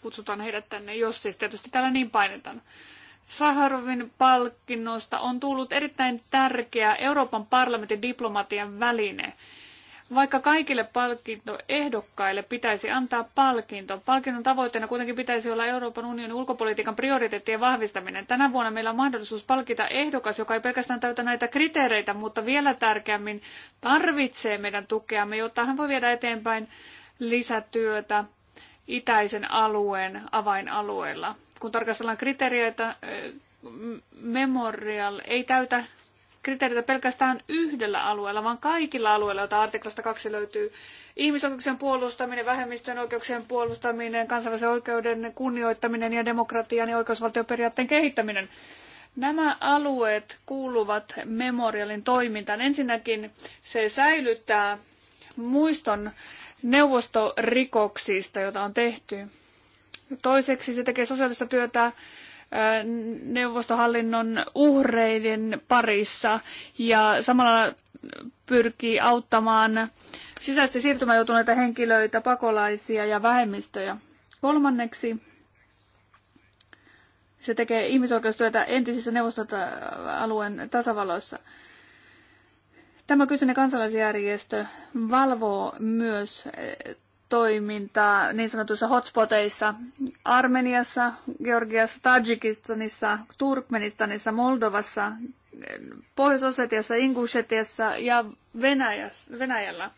Kutsutaan heidät tänne, jos siis tietysti täällä niin painetaan. Saharovin palkinnosta on tullut erittäin tärkeä Euroopan parlamentin diplomatian väline. Vaikka kaikille palkintoehdokkaille pitäisi antaa palkinto, palkinnon tavoitteena kuitenkin pitäisi olla Euroopan unionin ulkopolitiikan prioriteettien vahvistaminen. Tänä vuonna meillä on mahdollisuus palkita ehdokas, joka ei pelkästään täytä näitä kriteereitä, mutta vielä tärkeämmin tarvitsee meidän tukeamme, jotta hän voi viedä eteenpäin lisätyötä itäisen alueen avainalueella. Kun tarkastellaan kriteereitä, eh, Memorial ei täytä kriteereitä pelkästään yhdellä alueella, vaan kaikilla alueilla, joita artiklasta 2 löytyy. Ihmisoikeuksien puolustaminen, vähemmistön oikeuksien puolustaminen, kansainvälisen oikeuden kunnioittaminen ja demokratian ja oikeusvaltioperiaatteen kehittäminen. Nämä alueet kuuluvat Memorialin toimintaan. Ensinnäkin se säilyttää muiston neuvostorikoksista, joita on tehty. Toiseksi se tekee sosiaalista työtä neuvostohallinnon uhreiden parissa ja samalla pyrkii auttamaan sisäisesti siirtymään joutuneita henkilöitä, pakolaisia ja vähemmistöjä. Kolmanneksi se tekee ihmisoikeustyötä entisissä neuvostoalueen tasavalloissa. Tämä kyseinen kansalaisjärjestö valvoo myös toimintaa niin sanotuissa hotspoteissa Armeniassa, Georgiassa, Tajikistanissa, Turkmenistanissa, Moldovassa, Pohjois-Osetiassa, Ingushetiassa ja Venäjässä, Venäjällä.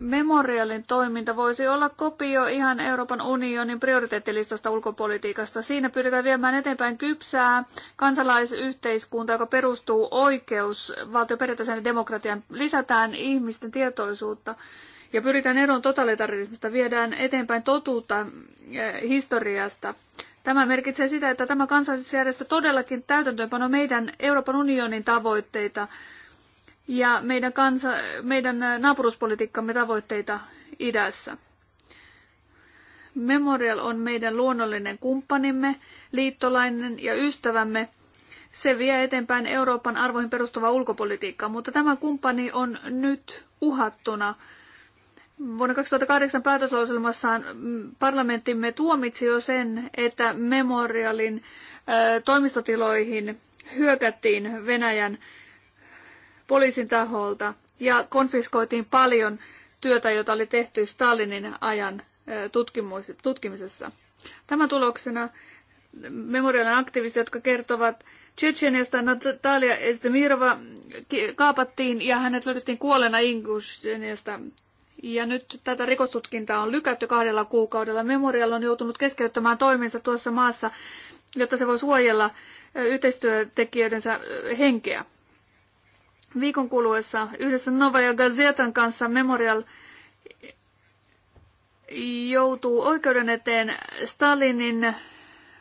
Memorialin toiminta voisi olla kopio ihan Euroopan unionin prioriteettilistasta ulkopolitiikasta. Siinä pyritään viemään eteenpäin kypsää kansalaisyhteiskuntaa, joka perustuu oikeusvaltioperiaatteeseen ja demokratian. Lisätään ihmisten tietoisuutta ja pyritään eroon totalitarismista, viedään eteenpäin totuutta eh, historiasta. Tämä merkitsee sitä, että tämä kansallisjärjestö todellakin täytäntöönpano meidän Euroopan unionin tavoitteita ja meidän, kansa, meidän eh, naapuruspolitiikkamme tavoitteita idässä. Memorial on meidän luonnollinen kumppanimme, liittolainen ja ystävämme. Se vie eteenpäin Euroopan arvoihin perustuvaa ulkopolitiikkaa, mutta tämä kumppani on nyt uhattuna – Vuonna 2008 päätöslauselmassaan mm, parlamenttimme tuomitsi jo sen, että Memorialin toimistotiloihin hyökättiin Venäjän poliisin taholta ja konfiskoitiin paljon työtä, jota oli tehty Stalinin ajan tutkimisessa. Tämän tuloksena memorialin aktivistit, jotka kertovat Tsetseniasta Natalia Estemirova kaapattiin ja hänet löydettiin kuolleena Ingusjeniasta ja nyt tätä rikostutkintaa on lykätty kahdella kuukaudella. Memorial on joutunut keskeyttämään toimensa tuossa maassa, jotta se voi suojella yhteistyötekijöidensä henkeä. Viikon kuluessa yhdessä Nova ja Gazetan kanssa Memorial joutuu oikeuden eteen Stalinin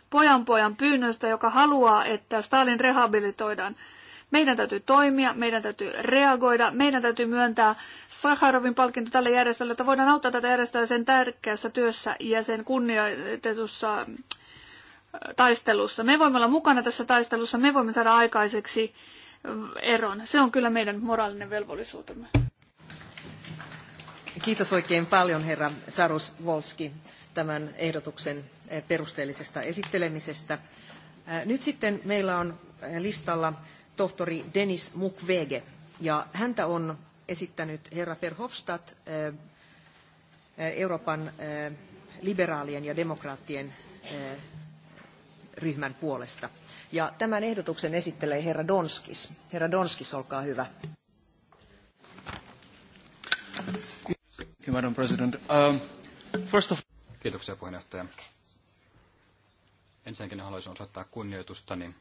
pojanpojan pojan pyynnöstä, joka haluaa, että Stalin rehabilitoidaan – meidän täytyy toimia, meidän täytyy reagoida, meidän täytyy myöntää Sakharovin palkinto tälle järjestölle, että voidaan auttaa tätä järjestöä sen tärkeässä työssä ja sen kunnioitetussa äh, taistelussa. Me voimme olla mukana tässä taistelussa, me voimme saada aikaiseksi äh, eron. Se on kyllä meidän moraalinen velvollisuutemme. Kiitos oikein paljon herra Sarus Volski tämän ehdotuksen äh, perusteellisesta esittelemisestä. Nyt sitten meillä on listalla tohtori Dennis Mukwege. Ja häntä on esittänyt herra Verhofstadt eh, eh, Euroopan eh, liberaalien ja demokraattien ryhmän puolesta. Ja tämän ehdotuksen esittelee herra Donskis. Herra Donskis, olkaa hyvä. Madam President. Um, first of... Kiitoksia puheenjohtaja. Ensinnäkin haluaisin osoittaa kunnioitustani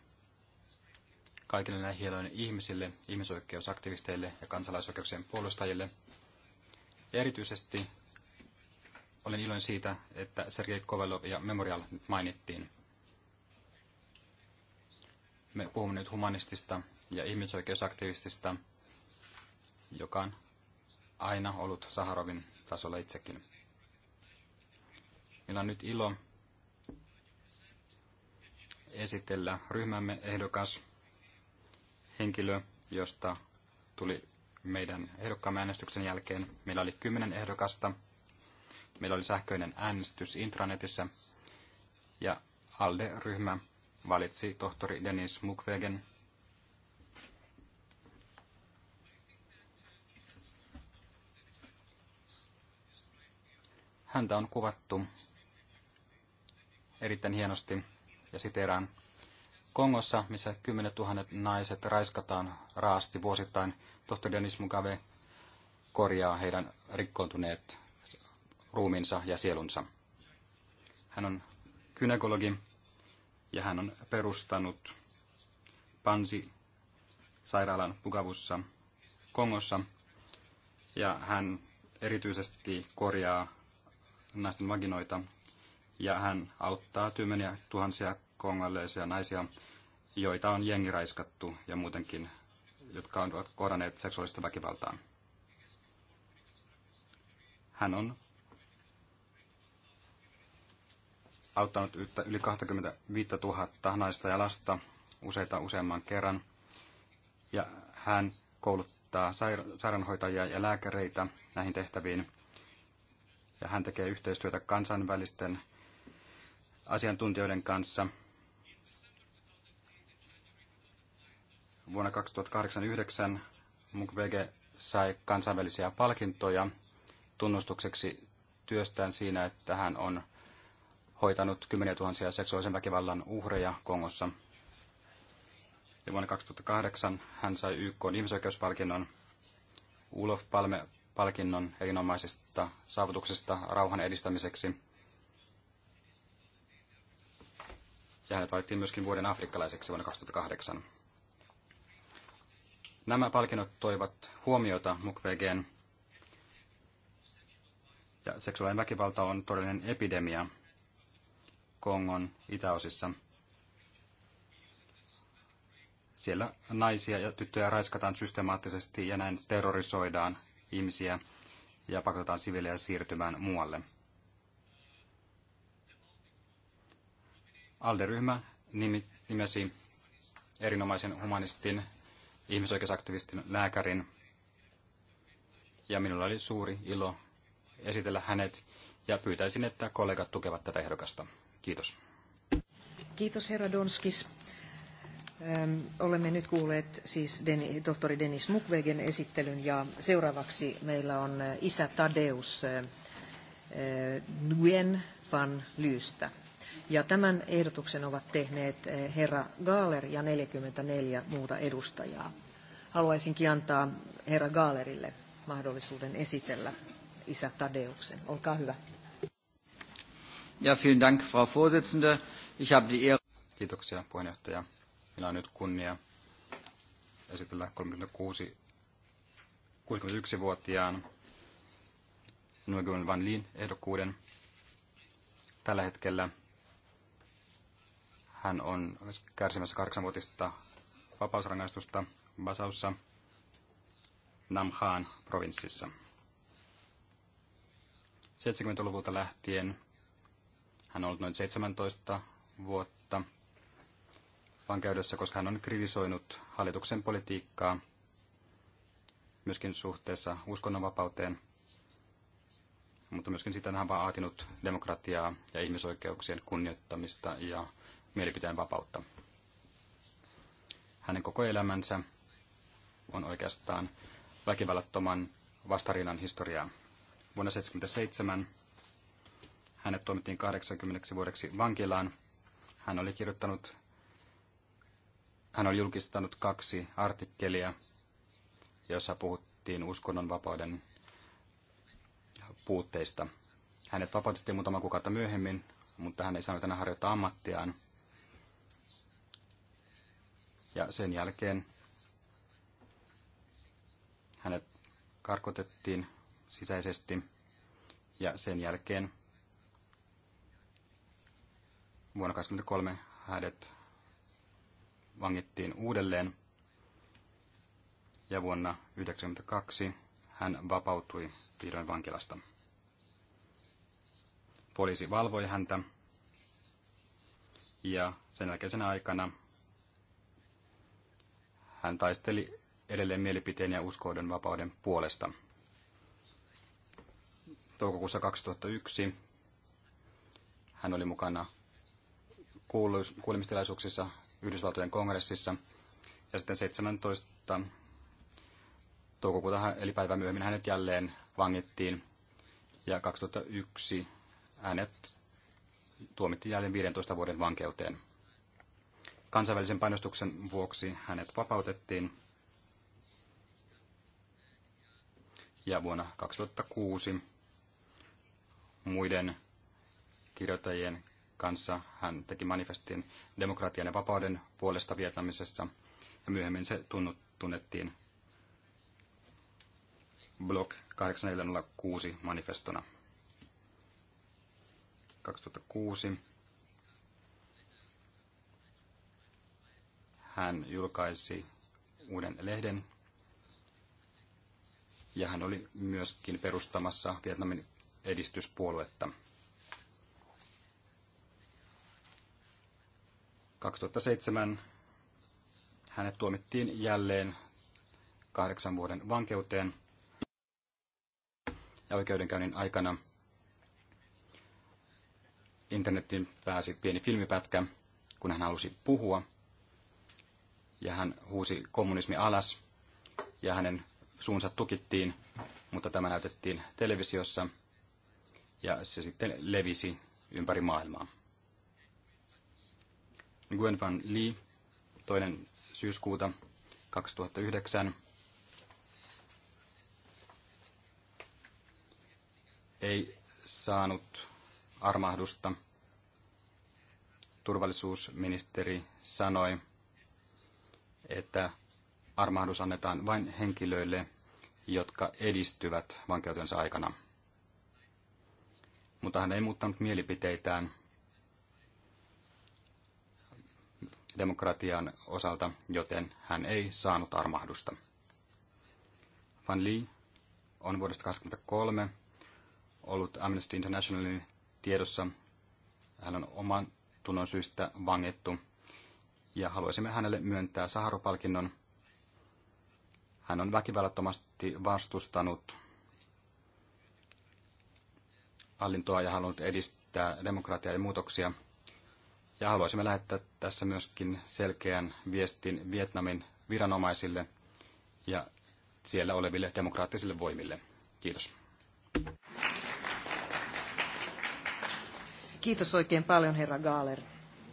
kaikille näihin ihmisille, ihmisoikeusaktivisteille ja kansalaisoikeuksien puolustajille. Ja erityisesti olen iloinen siitä, että Sergei Kovalov ja Memorial nyt mainittiin. Me puhumme nyt humanistista ja ihmisoikeusaktivistista, joka on aina ollut Saharovin tasolla itsekin. Meillä on nyt ilo esitellä ryhmämme ehdokas henkilö, josta tuli meidän ehdokkaamme äänestyksen jälkeen. Meillä oli kymmenen ehdokasta. Meillä oli sähköinen äänestys intranetissä. Ja ALDE-ryhmä valitsi tohtori Dennis Mukwegen. Häntä on kuvattu erittäin hienosti ja siteeraan Kongossa, missä kymmenet tuhannet naiset raiskataan raasti vuosittain. Tohtori Denis Mugabe korjaa heidän rikkoontuneet ruumiinsa ja sielunsa. Hän on kynekologi ja hän on perustanut Pansi sairaalan Pukavussa Kongossa ja hän erityisesti korjaa naisten vaginoita ja hän auttaa kymmeniä tuhansia kongolaisia naisia joita on jengiraiskattu ja muutenkin, jotka ovat kohdanneet seksuaalista väkivaltaa. Hän on auttanut yli 25 000 naista ja lasta useita useamman kerran. Ja hän kouluttaa sairaanhoitajia ja lääkäreitä näihin tehtäviin. Ja hän tekee yhteistyötä kansainvälisten asiantuntijoiden kanssa – Vuonna 2008-2009 Mukwege sai kansainvälisiä palkintoja tunnustukseksi työstään siinä, että hän on hoitanut kymmeniä tuhansia seksuaalisen väkivallan uhreja Kongossa. Ja vuonna 2008 hän sai YK ihmisoikeuspalkinnon, Ulof Palme-palkinnon erinomaisesta saavutuksista rauhan edistämiseksi. Ja hänet valittiin myöskin vuoden afrikkalaiseksi vuonna 2008. Nämä palkinnot toivat huomiota mukwegeen. Ja seksuaalinen väkivalta on todellinen epidemia Kongon itäosissa. Siellä naisia ja tyttöjä raiskataan systemaattisesti ja näin terrorisoidaan ihmisiä ja pakotetaan siviilejä siirtymään muualle. Alderyhmä nimesi erinomaisen humanistin ihmisoikeusaktivistin, lääkärin. Ja minulla oli suuri ilo esitellä hänet ja pyytäisin, että kollegat tukevat tätä ehdokasta. Kiitos. Kiitos herra Donskis. Olemme nyt kuulleet siis tohtori Dennis Mukwegen esittelyn ja seuraavaksi meillä on isä Tadeus Nguyen van Lyystä. Ja tämän ehdotuksen ovat tehneet eh, herra Gaaler ja 44 muuta edustajaa. Haluaisinkin antaa herra Gaalerille mahdollisuuden esitellä isä Tadeuksen. Olkaa hyvä. Ja, vielen Dank, Frau Vorsitzende. Ich habe die Ehre... Kiitoksia, puheenjohtaja. Minä on nyt kunnia esitellä 36, 61-vuotiaan Nguyen Van Lin ehdokkuuden. Tällä hetkellä hän on kärsimässä kahdeksanvuotista vapausrangaistusta Basaussa Namhaan provinssissa. 70-luvulta lähtien hän on ollut noin 17 vuotta vankeudessa, koska hän on kritisoinut hallituksen politiikkaa myöskin suhteessa uskonnonvapauteen, mutta myöskin sitä hän on vaatinut demokratiaa ja ihmisoikeuksien kunnioittamista ja mielipiteen vapautta. Hänen koko elämänsä on oikeastaan väkivallattoman vastarinnan historiaa. Vuonna 1977 hänet tuomittiin 80 vuodeksi vankilaan. Hän oli kirjoittanut, hän oli julkistanut kaksi artikkelia, joissa puhuttiin uskonnonvapauden puutteista. Hänet vapautettiin muutama kuukautta myöhemmin, mutta hän ei saanut enää harjoittaa ammattiaan. Ja sen jälkeen hänet karkotettiin sisäisesti ja sen jälkeen vuonna 2023 hänet vangittiin uudelleen ja vuonna 1992 hän vapautui vihdoin vankilasta. Poliisi valvoi häntä ja sen jälkeisenä aikana hän taisteli edelleen mielipiteen ja uskoiden vapauden puolesta. Toukokuussa 2001 hän oli mukana kuulemistilaisuuksissa Yhdysvaltojen kongressissa ja sitten 17. toukokuuta, eli päivä myöhemmin, hänet jälleen vangittiin ja 2001 hänet tuomittiin jälleen 15 vuoden vankeuteen. Kansainvälisen painostuksen vuoksi hänet vapautettiin. Ja vuonna 2006 muiden kirjoittajien kanssa hän teki manifestin demokratian ja vapauden puolesta Vietnamisessa. Ja myöhemmin se tunnettiin Block 8406 manifestona. 2006 hän julkaisi uuden lehden ja hän oli myöskin perustamassa Vietnamin edistyspuoluetta. 2007 hänet tuomittiin jälleen kahdeksan vuoden vankeuteen ja oikeudenkäynnin aikana internetin pääsi pieni filmipätkä, kun hän halusi puhua – ja hän huusi kommunismi alas ja hänen suunsa tukittiin, mutta tämä näytettiin televisiossa ja se sitten levisi ympäri maailmaa. Gwen Van Lee, toinen syyskuuta 2009, ei saanut armahdusta. Turvallisuusministeri sanoi, että armahdus annetaan vain henkilöille, jotka edistyvät vankeutensa aikana. Mutta hän ei muuttanut mielipiteitään demokratian osalta, joten hän ei saanut armahdusta. Van Lee on vuodesta 1983 ollut Amnesty Internationalin tiedossa. Hän on oman tunnon syystä vangittu ja haluaisimme hänelle myöntää Saharopalkinnon. Hän on väkivallattomasti vastustanut hallintoa ja halunnut edistää demokratiaa ja muutoksia. Ja haluaisimme lähettää tässä myöskin selkeän viestin Vietnamin viranomaisille ja siellä oleville demokraattisille voimille. Kiitos. Kiitos oikein paljon, herra Gaaler.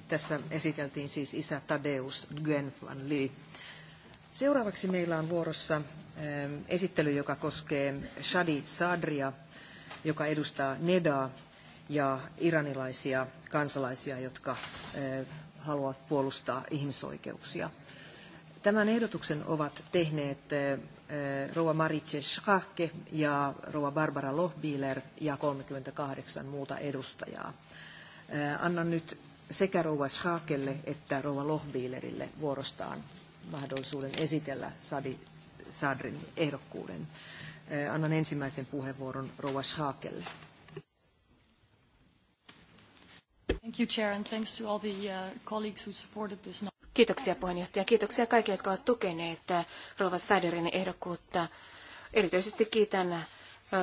Tässä esiteltiin siis isä Tadeus Gwenflan Lee. Seuraavaksi meillä on vuorossa eh, esittely, joka koskee Shadi Sadria, joka edustaa NEDAa ja iranilaisia kansalaisia, jotka eh, haluavat puolustaa ihmisoikeuksia. Tämän ehdotuksen ovat tehneet eh, rouva Maritse Schake ja rouva Barbara Lohbiler ja 38 muuta edustajaa. Annan nyt sekä rouva Schaakelle että rouva Lohbiilerille vuorostaan mahdollisuuden esitellä Sadi, Sadrin ehdokkuuden. Eh, annan ensimmäisen puheenvuoron rouva Schaakelle. Thank you, Chair, and thanks to all the uh, colleagues who supported this. Kiitoksia puheenjohtaja. Kiitoksia kaikille, jotka ovat tukeneet eh, rouva Saderin ehdokkuutta. Erityisesti kiitän eh,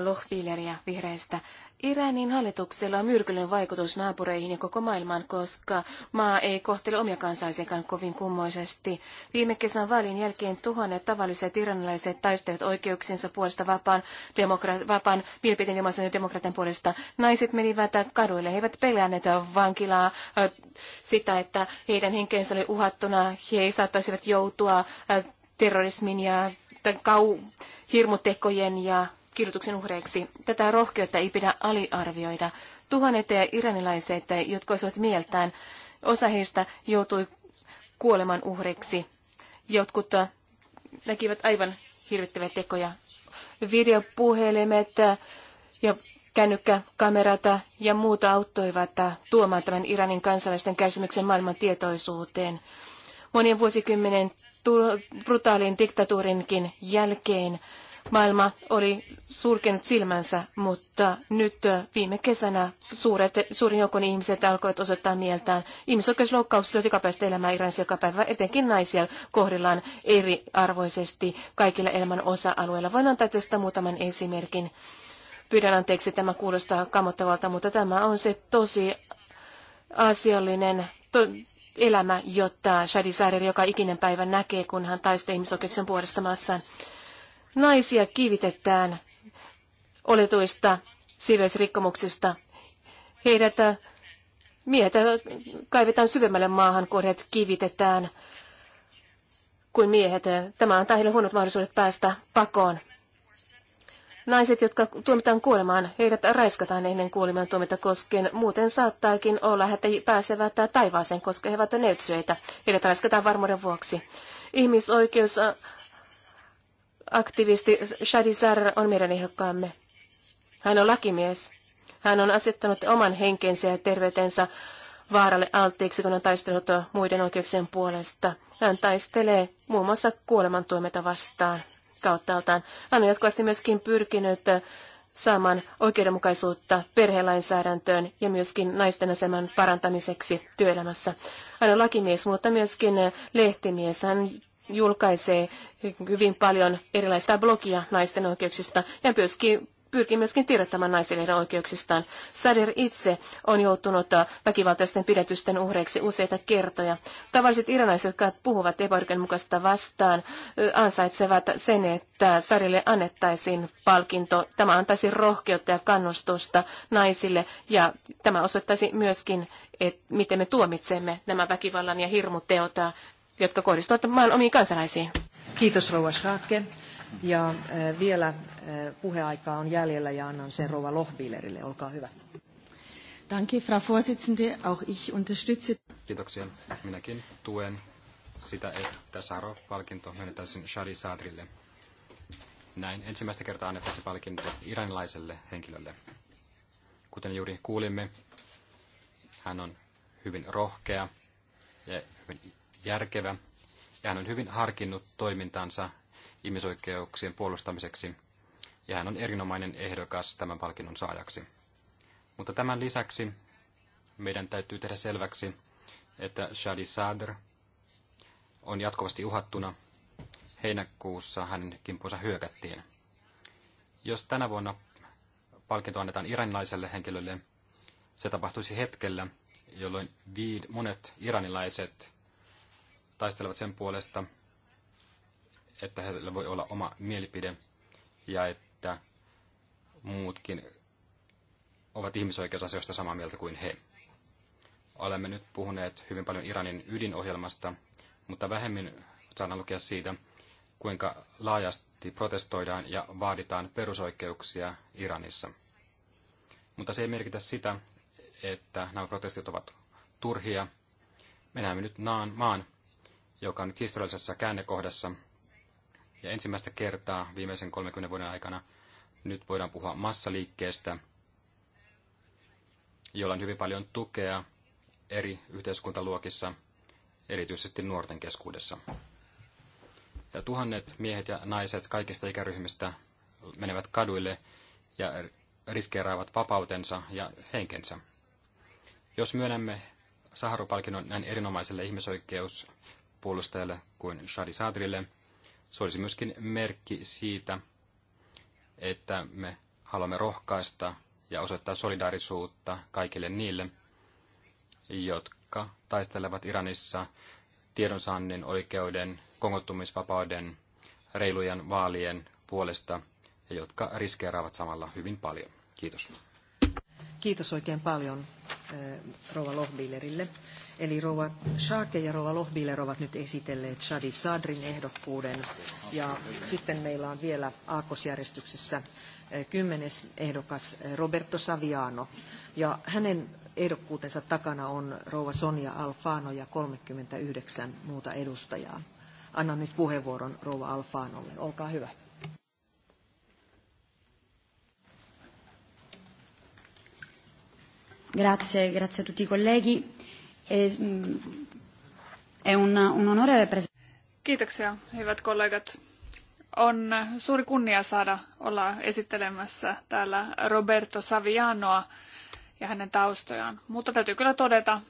Lohbiileria vihreistä Iranin hallituksella on myrkyllinen vaikutus naapureihin ja koko maailmaan, koska maa ei kohtele omia kansalaisiakaan kovin kummoisesti. Viime kesän vaalin jälkeen tuhannet tavalliset iranilaiset taistelivat oikeuksiensa puolesta vapaan, demokra- vapaan mielipiteen ilmaisun ja demokratian puolesta. Naiset menivät kaduille, he eivät pelänneet vankilaa sitä, että heidän henkeensä oli uhattuna, he saattaisivat joutua terrorismin ja kau- hirmutekojen ja kidutuksen uhreiksi. Tätä rohkeutta ei pidä aliarvioida. Tuhannet ja iranilaiset, jotka olisivat mieltään, osa heistä joutui kuoleman uhreiksi, Jotkut äh, näkivät aivan hirvittäviä tekoja. Videopuhelimet äh, ja kännykkäkamerat äh, ja muuta auttoivat tuomaan tämän Iranin kansalaisten kärsimyksen maailman tietoisuuteen. Monien vuosikymmenen brutaalin diktatuurinkin jälkeen Maailma oli sulkenut silmänsä, mutta nyt äh, viime kesänä suuret, suurin joukon ihmiset alkoivat osoittaa mieltään. Ihmisoikeusloukkaukset ovat jokapäiväistä elämää Iranissa joka päivä, etenkin naisia kohdellaan eriarvoisesti kaikilla elämän osa-alueilla. Voin antaa tästä muutaman esimerkin. Pyydän anteeksi, tämä kuulostaa kamottavalta, mutta tämä on se tosi asiallinen to- elämä, jota Shadi Saari joka ikinen päivä näkee, kun hän taistelee ihmisoikeuksien puolesta maassaan. Naisia kivitetään oletuista siveysrikkomuksista. Heidät äh, miehet äh, kaivetaan syvemmälle maahan, kun heidät kivitetään kuin miehet. Tämä antaa heille huonot mahdollisuudet päästä pakoon. Naiset, jotka tuomitaan kuolemaan, heidät raiskataan ennen kuolemaan tuomita koskien. Muuten saattaakin olla, että he pääsevät taivaaseen, koska he ovat neutsyöitä. Heidät raiskataan varmuuden vuoksi. Ihmisoikeus Aktivisti Shadizar on meidän ehdokkaamme. Hän on lakimies. Hän on asettanut oman henkensä ja terveytensä vaaralle alttiiksi, kun on taistellut muiden oikeuksien puolesta. Hän taistelee muun muassa kuolemantuomita vastaan kauttaaltaan. Hän on jatkuvasti myöskin pyrkinyt saamaan oikeudenmukaisuutta perhelainsäädäntöön ja myöskin naisten aseman parantamiseksi työelämässä. Hän on lakimies, mutta myöskin lehtimies. Hän julkaisee hyvin paljon erilaisia blogia naisten oikeuksista ja myöskin pyrkii myöskin tiedottamaan naisille heidän oikeuksistaan. Sader itse on joutunut väkivaltaisten pidätysten uhreiksi useita kertoja. Tavalliset iranaiset, jotka puhuvat epäoikeudenmukaista vastaan, ansaitsevat sen, että Saderille annettaisiin palkinto. Tämä antaisi rohkeutta ja kannustusta naisille ja tämä osoittaisi myöskin, että miten me tuomitsemme nämä väkivallan ja hirmuteot jotka kohdistuvat maan omiin kansalaisiin. Kiitos rouva Schaake. Ja eh, vielä eh, puheaikaa on jäljellä ja annan sen rouva Lohbilerille. Olkaa hyvä. Danke, Frau Vorsitzende. Auch ich unterstütze. Kiitoksia. Minäkin tuen sitä, että saro palkinto myönnetään Shadi Sadrille. Näin ensimmäistä kertaa annetaan se palkinto iranilaiselle henkilölle. Kuten juuri kuulimme, hän on hyvin rohkea ja hyvin järkevä ja hän on hyvin harkinnut toimintansa ihmisoikeuksien puolustamiseksi ja hän on erinomainen ehdokas tämän palkinnon saajaksi. Mutta tämän lisäksi meidän täytyy tehdä selväksi, että Shadi Sadr on jatkuvasti uhattuna. Heinäkuussa hänen kimpuunsa hyökättiin. Jos tänä vuonna palkinto annetaan iranilaiselle henkilölle, se tapahtuisi hetkellä, jolloin viid, monet iranilaiset taistelevat sen puolesta, että heillä voi olla oma mielipide ja että muutkin ovat ihmisoikeusasioista samaa mieltä kuin he. Olemme nyt puhuneet hyvin paljon Iranin ydinohjelmasta, mutta vähemmin saadaan lukea siitä, kuinka laajasti protestoidaan ja vaaditaan perusoikeuksia Iranissa. Mutta se ei merkitä sitä, että nämä protestit ovat turhia. Me näemme nyt naan, maan, joka on nyt historiallisessa käännekohdassa. Ja ensimmäistä kertaa viimeisen 30 vuoden aikana nyt voidaan puhua massaliikkeestä, jolla on hyvin paljon tukea eri yhteiskuntaluokissa, erityisesti nuorten keskuudessa. Ja tuhannet miehet ja naiset kaikista ikäryhmistä menevät kaduille ja riskeeraavat vapautensa ja henkensä. Jos myönnämme Saharopalkinnon näin erinomaiselle ihmisoikeus puolustajalle kuin Shadi Sadrille. Se olisi myöskin merkki siitä, että me haluamme rohkaista ja osoittaa solidaarisuutta kaikille niille, jotka taistelevat Iranissa tiedonsaannin, oikeuden, kongottumisvapauden, reilujen vaalien puolesta ja jotka riskeeraavat samalla hyvin paljon. Kiitos. Kiitos oikein paljon eh, rouva Lohbillerille. Eli Rova Sharke ja Rova Lohbiller ovat nyt esitelleet Shadi Sadrin ehdokkuuden. Ja sitten meillä on vielä aakkosjärjestyksessä eh, kymmenes ehdokas eh, Roberto Saviano. Ja hänen ehdokkuutensa takana on rova Sonia Alfano ja 39 muuta edustajaa. Annan nyt puheenvuoron Rova Alfanolle. Olkaa hyvä. Grazie, grazie a tutti i colleghi. È mm, un, un onore Kiitoksia, hyvät kollegat. On suuri kunnia saada olla esittelemässä täällä Roberto Savianoa ja hänen taustojaan. Mutta täytyy kyllä todeta,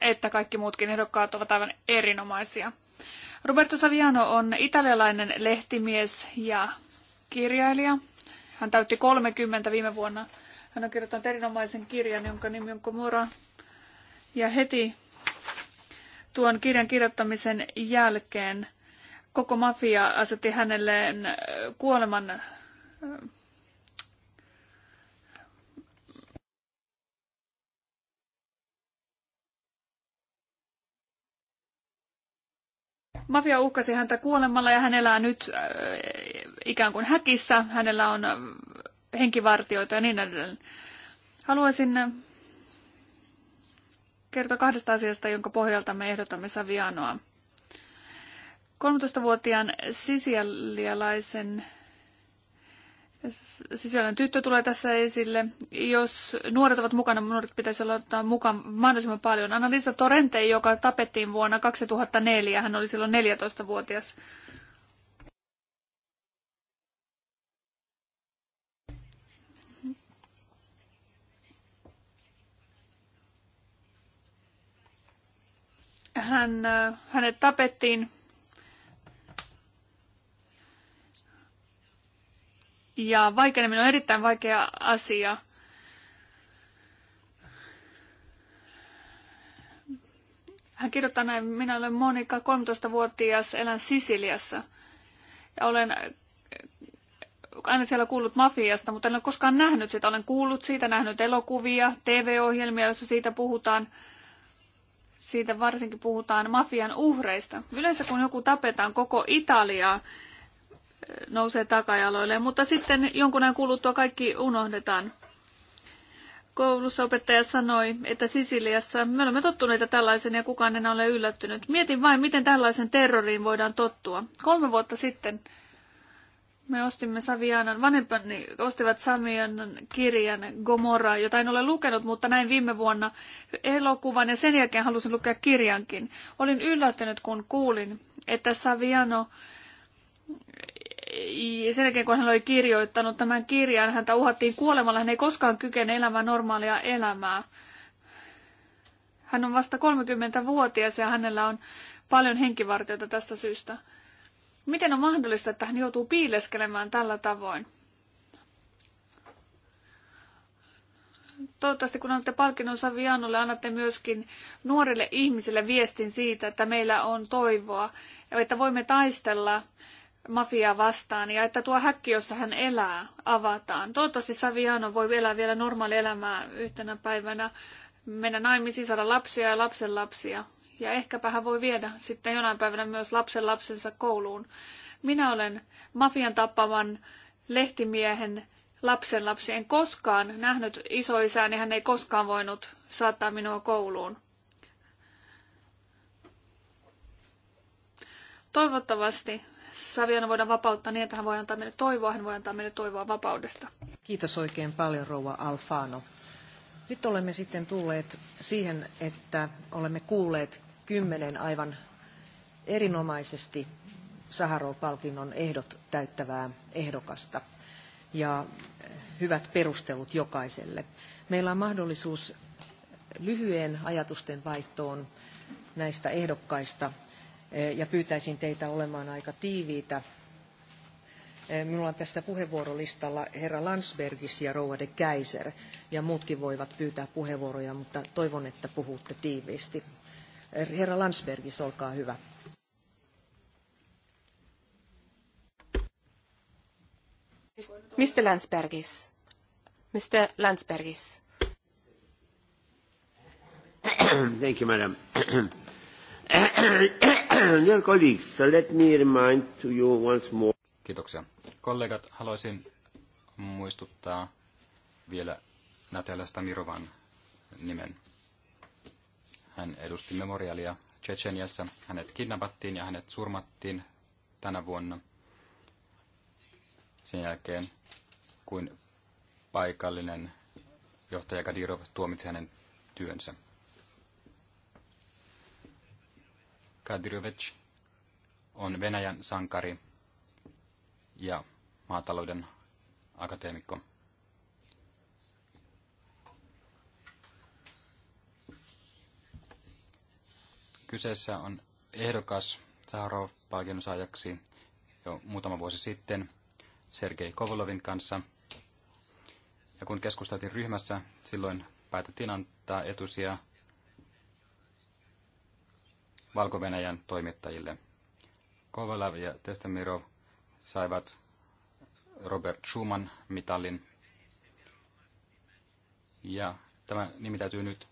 että kaikki muutkin ehdokkaat ovat aivan erinomaisia. Roberto Saviano on italialainen lehtimies ja kirjailija. Hän täytti 30 viime vuonna. Hän on kirjoittanut erinomaisen kirjan, jonka nimi on Komura. Ja heti tuon kirjan kirjoittamisen jälkeen koko mafia asetti hänelle kuoleman äh, Mafia uhkasi häntä kuolemalla ja hänellä on nyt äh, ikään kuin häkissä, hänellä on äh, henkivartioita ja niin edelleen. Haluaisin kertoo kahdesta asiasta, jonka pohjalta me ehdotamme Savianoa. 13-vuotiaan sisialialaisen sisällön tyttö tulee tässä esille. Jos nuoret ovat mukana, nuoret pitäisi ottaa mukaan mahdollisimman paljon. Annalisa Torente, joka tapettiin vuonna 2004, hän oli silloin 14-vuotias. Hän, hänet tapettiin ja vaikeneminen on erittäin vaikea asia. Hän kirjoittaa näin, minä olen Monika, 13-vuotias, elän Sisiliassa. Ja olen aina siellä kuullut mafiasta, mutta en ole koskaan nähnyt sitä. Olen kuullut siitä, nähnyt elokuvia, TV-ohjelmia, joissa siitä puhutaan – siitä varsinkin puhutaan mafian uhreista. Yleensä kun joku tapetaan, koko Italiaa, eh, nousee takajaloille, mutta sitten jonkun ajan kuluttua kaikki unohdetaan. Koulussa opettaja sanoi, että Sisiliassa me olemme tottuneita tällaisen ja kukaan enää ole yllättynyt. Mietin vain, miten tällaisen terroriin voidaan tottua. Kolme vuotta sitten me ostimme Savianan, vanhempani ostivat Savianan kirjan Gomorra, jota en ole lukenut, mutta näin viime vuonna elokuvan ja sen jälkeen halusin lukea kirjankin. Olin yllättynyt, kun kuulin, että Saviano sen jälkeen, kun hän oli kirjoittanut tämän kirjan, häntä uhattiin kuolemalla. Hän ei koskaan kykene elämään normaalia elämää. Hän on vasta 30-vuotias ja hänellä on paljon henkivartioita tästä syystä. Miten on mahdollista, että hän joutuu piileskelemään tällä tavoin? Toivottavasti kun annatte palkinnon Savianolle, annatte myöskin nuorille ihmisille viestin siitä, että meillä on toivoa ja että voimme taistella mafiaa vastaan ja että tuo häkki, jossa hän elää, avataan. Toivottavasti Saviano voi elää vielä normaali elämää yhtenä päivänä, mennä naimisiin, saada lapsia ja lapsenlapsia. Ja ehkäpä hän voi viedä sitten jonain päivänä myös lapsen lapsensa kouluun. Minä olen mafian tappavan lehtimiehen lapsen lapsi. En koskaan nähnyt isoisääni, hän ei koskaan voinut saattaa minua kouluun. Toivottavasti Saviana voidaan vapauttaa niin, että hän voi antaa meille toivoa, hän voi antaa meille toivoa vapaudesta. Kiitos oikein paljon, rouva Alfano. Nyt olemme sitten tulleet siihen, että olemme kuulleet 2010 aivan erinomaisesti Saharov-palkinnon ehdot täyttävää ehdokasta ja hyvät perustelut jokaiselle. Meillä on mahdollisuus lyhyeen ajatusten vaihtoon näistä ehdokkaista eh, ja pyytäisin teitä olemaan aika tiiviitä. Eh, minulla on tässä puheenvuorolistalla herra Landsbergis ja rouva de Kaiser ja muutkin voivat pyytää puheenvuoroja, mutta toivon, että puhutte tiiviisti. Eh, herra Landsbergis, olkaa hyvä. Mr. Landsbergis. Mr. Landsbergis. Thank you, madam. Dear colleagues, let me remind to you once more. Kiitoksia. Kollegat, haluaisin muistuttaa vielä Natalia Stamirovan nimen. Hän edusti Memorialia Tsetseniassa. Hänet kidnappattiin ja hänet surmattiin tänä vuonna sen jälkeen, kuin paikallinen johtaja Kadirov tuomitsi hänen työnsä. Kadirovic on Venäjän sankari ja maatalouden akateemikko. Kyseessä on ehdokas Saharov-palkinnon saajaksi jo muutama vuosi sitten Sergei Kovolovin kanssa. Ja kun keskusteltiin ryhmässä, silloin päätettiin antaa etusia valko toimittajille. Kovalov ja Testamirov saivat Robert Schumann-mitalin. Ja tämä nimi täytyy nyt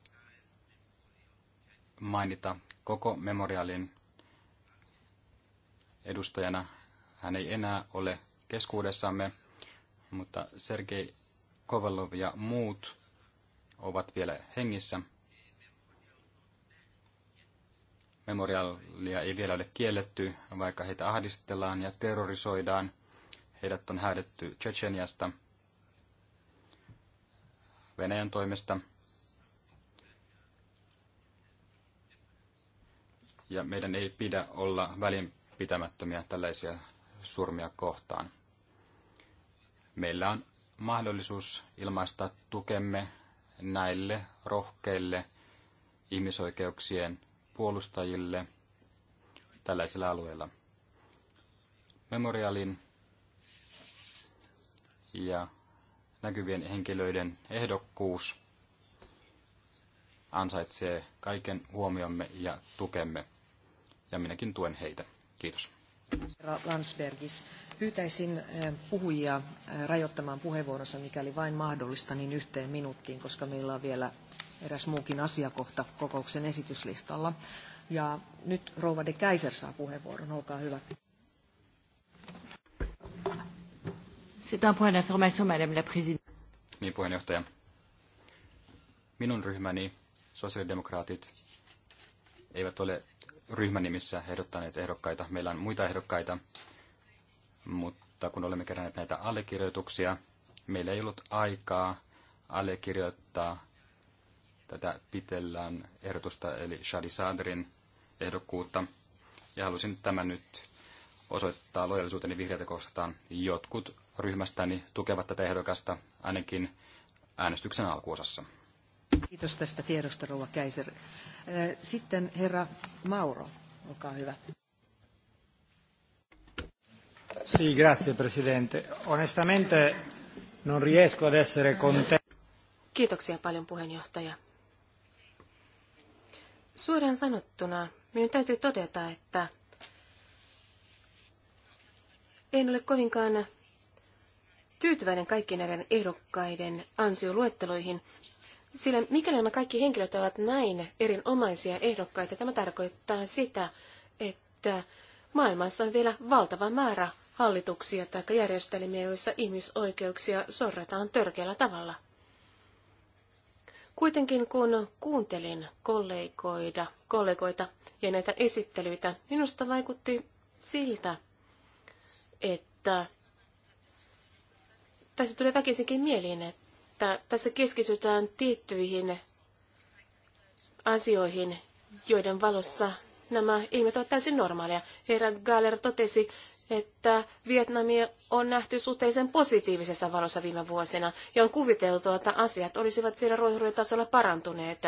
mainita koko memorialin edustajana. Hän ei enää ole keskuudessamme, mutta Sergei Kovalov ja muut ovat vielä hengissä. Memorialia ei vielä ole kielletty, vaikka heitä ahdistellaan ja terrorisoidaan. Heidät on häädetty Tsecheniasta Venäjän toimesta – ja meidän ei pidä olla välinpitämättömiä tällaisia surmia kohtaan. Meillä on mahdollisuus ilmaista tukemme näille rohkeille ihmisoikeuksien puolustajille tällaisilla alueilla. Memorialin ja näkyvien henkilöiden ehdokkuus ansaitsee kaiken huomiomme ja tukemme ja minäkin tuen heitä. Kiitos. Landsbergis, pyytäisin eh, puhujia eh, rajoittamaan puheenvuoronsa, mikäli vain mahdollista, niin yhteen minuuttiin, koska meillä on vielä eräs muukin asiakohta kokouksen esityslistalla. Ja nyt rouva de Kaiser saa puheenvuoron. Olkaa hyvä. Niin, puheenjohtaja. Minun ryhmäni, sosiaalidemokraatit, eivät ole ryhmän nimissä ehdottaneet ehdokkaita. Meillä on muita ehdokkaita, mutta kun olemme keränneet näitä allekirjoituksia, meillä ei ollut aikaa allekirjoittaa tätä pitellään ehdotusta, eli Shadi Sadrin ehdokkuutta. Ja halusin tämän nyt osoittaa lojallisuuteni vihreitä kohtaan. Jotkut ryhmästäni tukevat tätä ehdokasta, ainakin äänestyksen alkuosassa. Kiitos tästä tiedosta, Rouva Käiser. Äh, sitten herra Mauro, olkaa hyvä. Sì, grazie Presidente. Onestamente non riesco ad essere contento. Kiitoksia paljon puheenjohtaja. Suoraan sanottuna minun täytyy todeta, että en ole kovinkaan tyytyväinen kaikkien näiden ehdokkaiden ansioluetteloihin, sillä mikäli nämä kaikki henkilöt ovat näin erinomaisia ehdokkaita, tämä tarkoittaa sitä, että maailmassa on vielä valtava määrä hallituksia tai järjestelmiä, joissa ihmisoikeuksia sorretaan törkeällä tavalla. Kuitenkin kun kuuntelin kollegoida, kollegoita ja näitä esittelyitä, minusta vaikutti siltä, että tässä tulee väkisinkin mieliin, että että tässä keskitytään tiettyihin asioihin, joiden valossa nämä ilmiöt ovat täysin normaaleja. Herra Galler totesi, että Vietnamia on nähty suhteellisen positiivisessa valossa viime vuosina, ja on kuviteltu, että asiat olisivat siellä ruohonjuuritasolla parantuneet.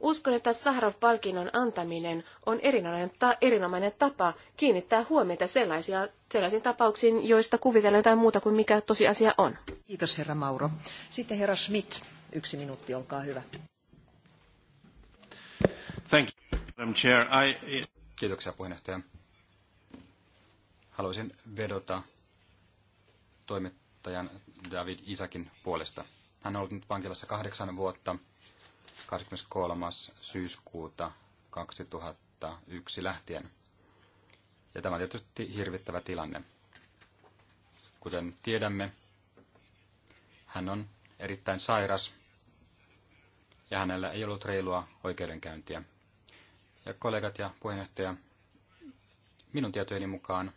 Uskon, että Saharov-palkinnon antaminen on erinomainen, ta, erinomainen tapa kiinnittää huomiota sellaisia, sellaisiin tapauksiin, joista kuvitellaan jotain muuta kuin mikä tosiasia on. Kiitos herra Mauro. Sitten herra Schmidt, yksi minuutti, olkaa hyvä. Thank you, Madam Chair. I... Kiitoksia puheenjohtaja. Haluaisin vedota toimittajan David Isakin puolesta. Hän on ollut nyt vankilassa kahdeksan vuotta 23. syyskuuta 2001 lähtien. Ja tämä on tietysti hirvittävä tilanne. Kuten tiedämme, hän on erittäin sairas ja hänellä ei ollut reilua oikeudenkäyntiä. Ja kollegat ja puheenjohtaja, minun tietojeni mukaan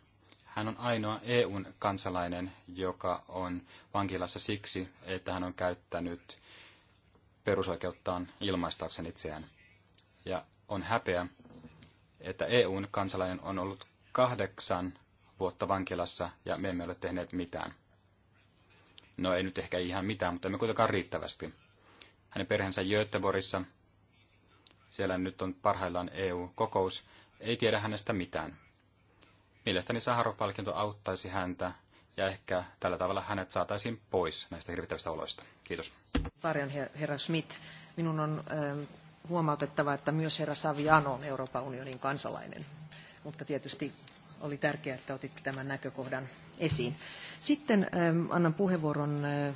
hän on ainoa EUn kansalainen, joka on vankilassa siksi, että hän on käyttänyt perusoikeuttaan ilmaistaakseen itseään. Ja on häpeä, että EUn kansalainen on ollut kahdeksan vuotta vankilassa ja me emme ole tehneet mitään. No ei nyt ehkä ihan mitään, mutta emme kuitenkaan riittävästi. Hänen perheensä Göteborissa, siellä nyt on parhaillaan EU-kokous, ei tiedä hänestä mitään. Mielestäni Saharov-palkinto auttaisi häntä ja ehkä tällä tavalla hänet saataisiin pois näistä hirvittävistä oloista. Kiitos. Varjan herra Schmidt, minun on ähm, huomautettava, että myös herra Saviano on Euroopan unionin kansalainen, mutta tietysti oli tärkeää, että otit tämän näkökohdan esiin. Sitten ähm, annan puheenvuoron äh,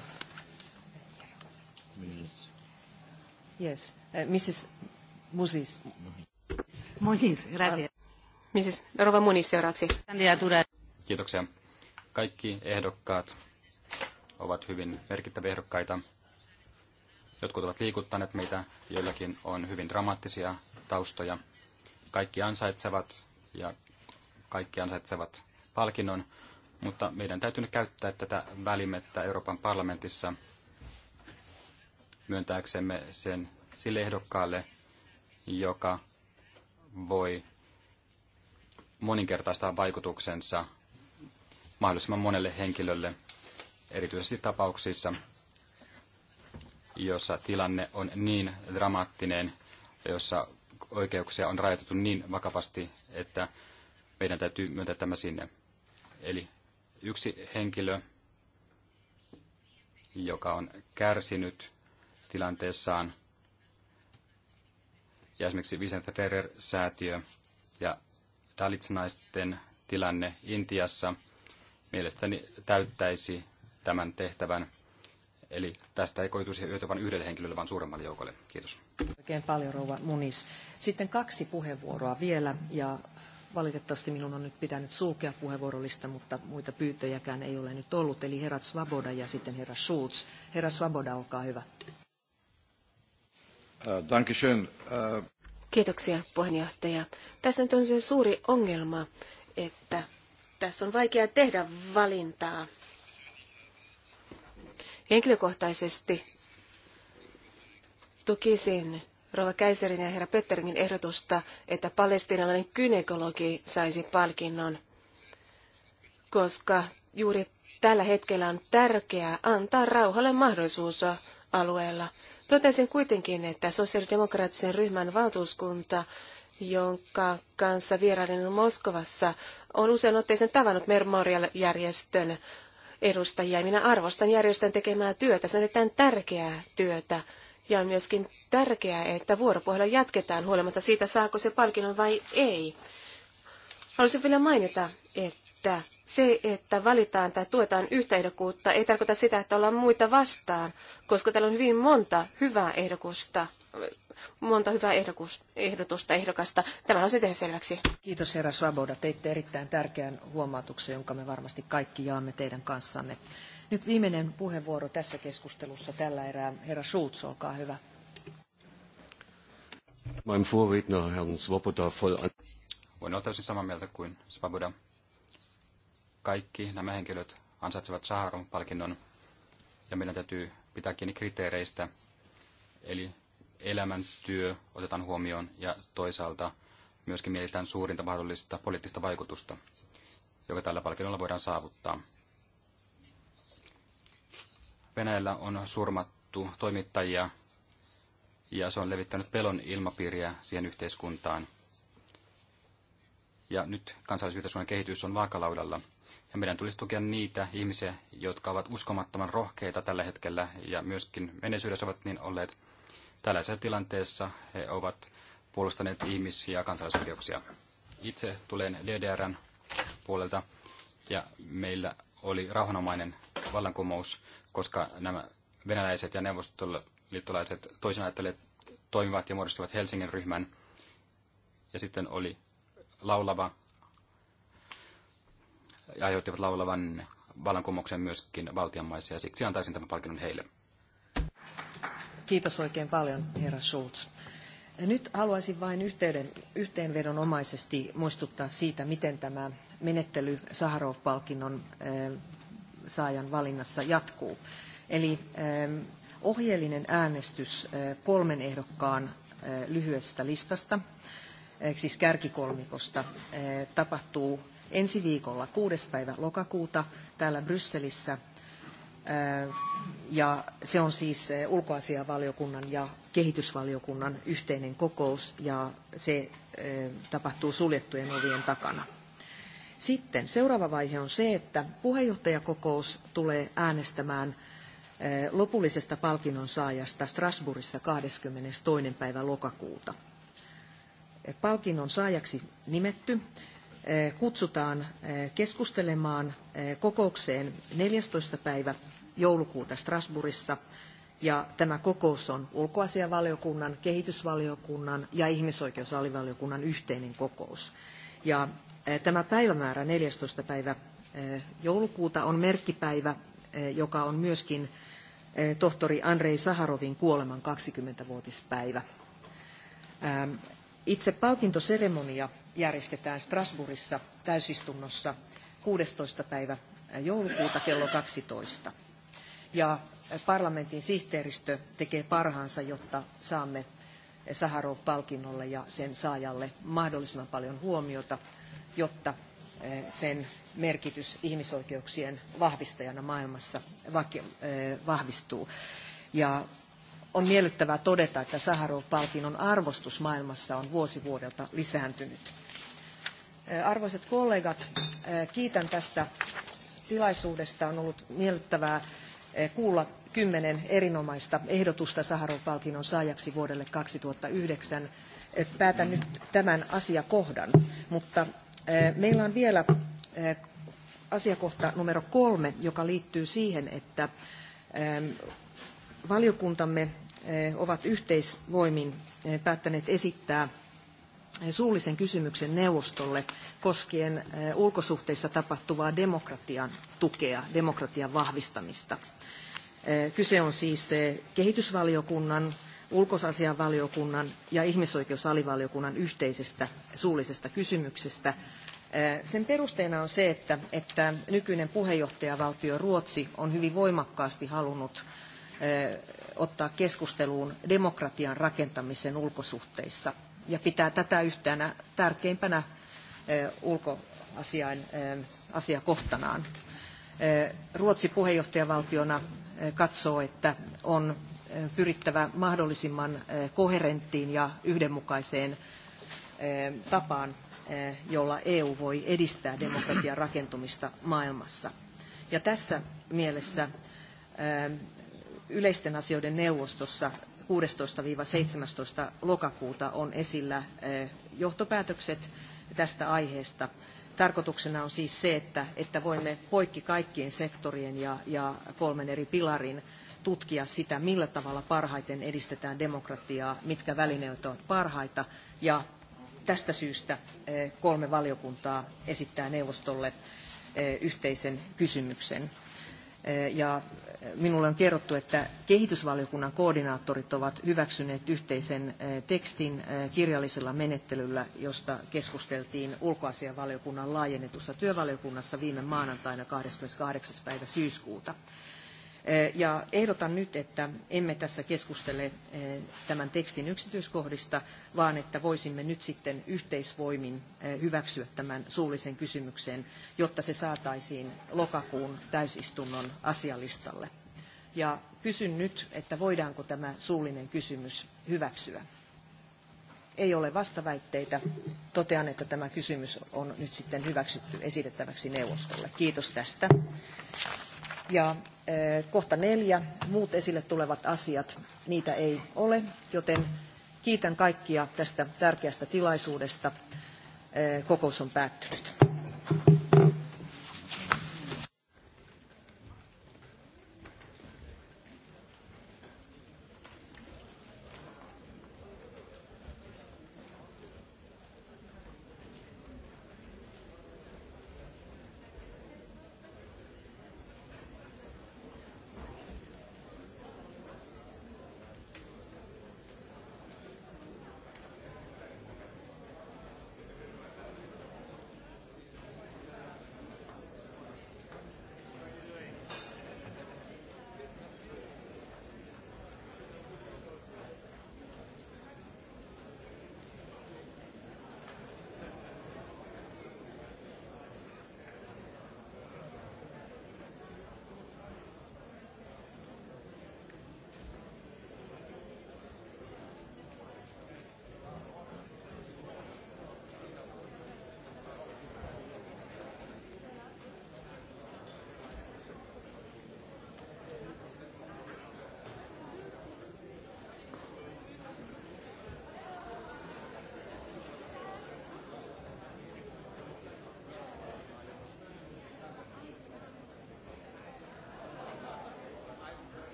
Yes. Äh, Mrs. Musis. Muniz, Grazie. Äh, Mrs. Rova Muniz seuraavaksi. Kiitoksia. Kaikki ehdokkaat ovat hyvin merkittäviä ehdokkaita. Jotkut ovat liikuttaneet meitä, joillakin on hyvin dramaattisia taustoja. Kaikki ansaitsevat ja kaikki ansaitsevat palkinnon, mutta meidän täytyy nyt käyttää tätä välimettä Euroopan parlamentissa myöntääksemme sen sille ehdokkaalle, joka voi moninkertaistaa vaikutuksensa mahdollisimman monelle henkilölle, erityisesti tapauksissa, jossa tilanne on niin dramaattinen, jossa oikeuksia on rajoitettu niin vakavasti, että meidän täytyy myöntää tämä sinne. Eli yksi henkilö, joka on kärsinyt tilanteessaan, ja esimerkiksi Vicente Ferrer-säätiö ja Dalitsnaisten tilanne Intiassa – mielestäni täyttäisi tämän tehtävän. Eli tästä ei koituisi hyötyä vain yhdelle henkilölle, vaan suuremmalle joukolle. Kiitos. Oikein paljon, rouva Munis. Sitten kaksi puheenvuoroa vielä, ja valitettavasti minun on nyt pitänyt sulkea puheenvuorolista, mutta muita pyyntöjäkään ei ole nyt ollut. Eli herra Svoboda ja sitten herra Schulz. Herra Svoboda, olkaa hyvä. Äh, äh, Kiitoksia, puheenjohtaja. Tässä nyt on se suuri ongelma, että tässä on vaikea tehdä valintaa. Henkilökohtaisesti tukisin Rova Käiserin ja herra Petteringin ehdotusta, että palestinalainen kynekologi saisi palkinnon, koska juuri tällä hetkellä on tärkeää antaa rauhalle mahdollisuus alueella. Totesin kuitenkin, että sosiaalidemokraattisen ryhmän valtuuskunta jonka kanssa vierailin Moskovassa, on usein otteeseen tavannut Memorial-järjestön edustajia. Minä arvostan järjestön tekemää työtä. Se on erittäin tärkeää työtä. Ja on myöskin tärkeää, että vuoropuhelua jatketaan huolimatta siitä, saako se palkinnon vai ei. Haluaisin vielä mainita, että se, että valitaan tai tuetaan yhtä ehdokkuutta, ei tarkoita sitä, että ollaan muita vastaan, koska täällä on hyvin monta hyvää ehdokusta, monta hyvää ehdotusta ehdokasta. Tämä on tehdä selväksi. Kiitos herra Svaboda. Teitte erittäin tärkeän huomautuksen, jonka me varmasti kaikki jaamme teidän kanssanne. Nyt viimeinen puheenvuoro tässä keskustelussa tällä erää. Herra Schulz, olkaa hyvä. Mein Vorredner Herrn Svoboda voll an... Voin olla täysin samaa mieltä kuin Svoboda. Kaikki nämä henkilöt ansaitsevat Saharon palkinnon ja meidän täytyy pitää kiinni kriteereistä, eli elämäntyö otetaan huomioon ja toisaalta myöskin mietitään suurinta mahdollista poliittista vaikutusta, joka tällä palkinnolla voidaan saavuttaa. Venäjällä on surmattu toimittajia ja se on levittänyt pelon ilmapiiriä siihen yhteiskuntaan. Ja nyt kansallisyhteiskunnan kehitys on vaakalaudalla. Ja meidän tulisi tukea niitä ihmisiä, jotka ovat uskomattoman rohkeita tällä hetkellä ja myöskin menneisyydessä ovat niin olleet. Tällaisessa tilanteessa he ovat puolustaneet ihmisiä ja kansalaisoikeuksia. Itse tulen DDRn puolelta ja meillä oli rauhanomainen vallankumous, koska nämä venäläiset ja neuvostoliittolaiset toisin ajattelevat toimivat ja muodostivat Helsingin ryhmän. Ja sitten oli laulava, ja aiheuttivat laulavan vallankumouksen myöskin valtionmaissa, ja siksi antaisin tämän palkinnon heille. Kiitos oikein paljon, herra Schulz. Nyt haluaisin vain yhteyden, yhteenvedonomaisesti muistuttaa siitä, miten tämä menettely Saharov-palkinnon saajan valinnassa jatkuu. Eli ohjeellinen äänestys kolmen ehdokkaan lyhyestä listasta, siis kärkikolmikosta, tapahtuu ensi viikolla 6. päivä lokakuuta täällä Brysselissä ja se on siis eh, ulkoasiavaliokunnan ja kehitysvaliokunnan yhteinen kokous ja se eh, tapahtuu suljettujen ovien takana. Sitten seuraava vaihe on se, että puheenjohtajakokous tulee äänestämään eh, lopullisesta palkinnon saajasta Strasbourgissa 22. päivä lokakuuta. Palkinnon saajaksi nimetty kutsutaan keskustelemaan kokoukseen 14. päivä joulukuuta Strasbourgissa. Ja tämä kokous on ulkoasiavaliokunnan, kehitysvaliokunnan ja ihmisoikeusalivaliokunnan yhteinen kokous. Ja eh, tämä päivämäärä 14. päivä eh, joulukuuta on merkkipäivä, eh, joka on myöskin tohtori Andrei Saharovin kuoleman 20-vuotispäivä. Itse palkintoseremonia järjestetään Strasbourgissa täysistunnossa 16. päivä joulukuuta kello 12 ja parlamentin sihteeristö tekee parhaansa, jotta saamme Saharov-palkinnolle ja sen saajalle mahdollisimman paljon huomiota, jotta eh, sen merkitys ihmisoikeuksien vahvistajana maailmassa eh, vahvistuu. Ja on miellyttävää todeta, että Saharov-palkinnon arvostus maailmassa on vuosi vuodelta lisääntynyt. Eh, arvoisat kollegat, kiitän tästä tilaisuudesta. On ollut miellyttävää Eh, kuulla kymmenen erinomaista ehdotusta Saharov-palkinnon saajaksi vuodelle 2009. Eh, päätän nyt tämän asiakohdan, mutta eh, meillä on vielä asiakohta numero kolme, joka liittyy siihen, että valiokuntamme ovat yhteisvoimin päättäneet esittää suullisen kysymyksen neuvostolle koskien ulkosuhteissa tapahtuvaa demokratian tukea, demokratian vahvistamista. Eh, kyse on siis eh, kehitysvaliokunnan, ulkoasianvaliokunnan ja ihmisoikeusalivaliokunnan yhteisestä suullisesta kysymyksestä. Eh, sen perusteena on se, että, että nykyinen puheenjohtajavaltio Ruotsi on hyvin voimakkaasti halunnut ottaa keskusteluun demokratian rakentamisen ulkosuhteissa ja pitää tätä yhtenä tärkeimpänä ulkoasian Ruotsi puheenjohtajavaltiona katsoo, että on pyrittävä mahdollisimman koherenttiin ja yhdenmukaiseen tapaan, jolla EU voi edistää demokratian rakentumista maailmassa. Ja tässä mielessä yleisten asioiden neuvostossa 16-17 lokakuuta on esillä johtopäätökset tästä aiheesta Tarkoituksena on siis se, että, että voimme poikki kaikkien sektorien ja, ja kolmen eri pilarin tutkia sitä, millä tavalla parhaiten edistetään demokratiaa, mitkä välineet ovat parhaita. Ja tästä syystä eh, kolme valiokuntaa esittää neuvostolle eh, yhteisen kysymyksen. Eh, ja Minulle on kerrottu, että kehitysvaliokunnan koordinaattorit ovat hyväksyneet yhteisen eh, tekstin eh, kirjallisella menettelyllä, josta keskusteltiin ulkoasianvaliokunnan laajennetussa työvaliokunnassa viime maanantaina 28. päivä syyskuuta. Eh, ja ehdotan nyt, että emme tässä keskustele eh, tämän tekstin yksityiskohdista, vaan että voisimme nyt sitten yhteisvoimin eh, hyväksyä tämän suullisen kysymyksen, jotta se saataisiin lokakuun täysistunnon asialistalle. Ja kysyn nyt, että voidaanko tämä suullinen kysymys hyväksyä. Ei ole vastaväitteitä. Totean, että tämä kysymys on nyt sitten hyväksytty esitettäväksi neuvostolle. Kiitos tästä. Ja Kohta neljä. Muut esille tulevat asiat, niitä ei ole, joten kiitän kaikkia tästä tärkeästä tilaisuudesta. Kokous on päättynyt.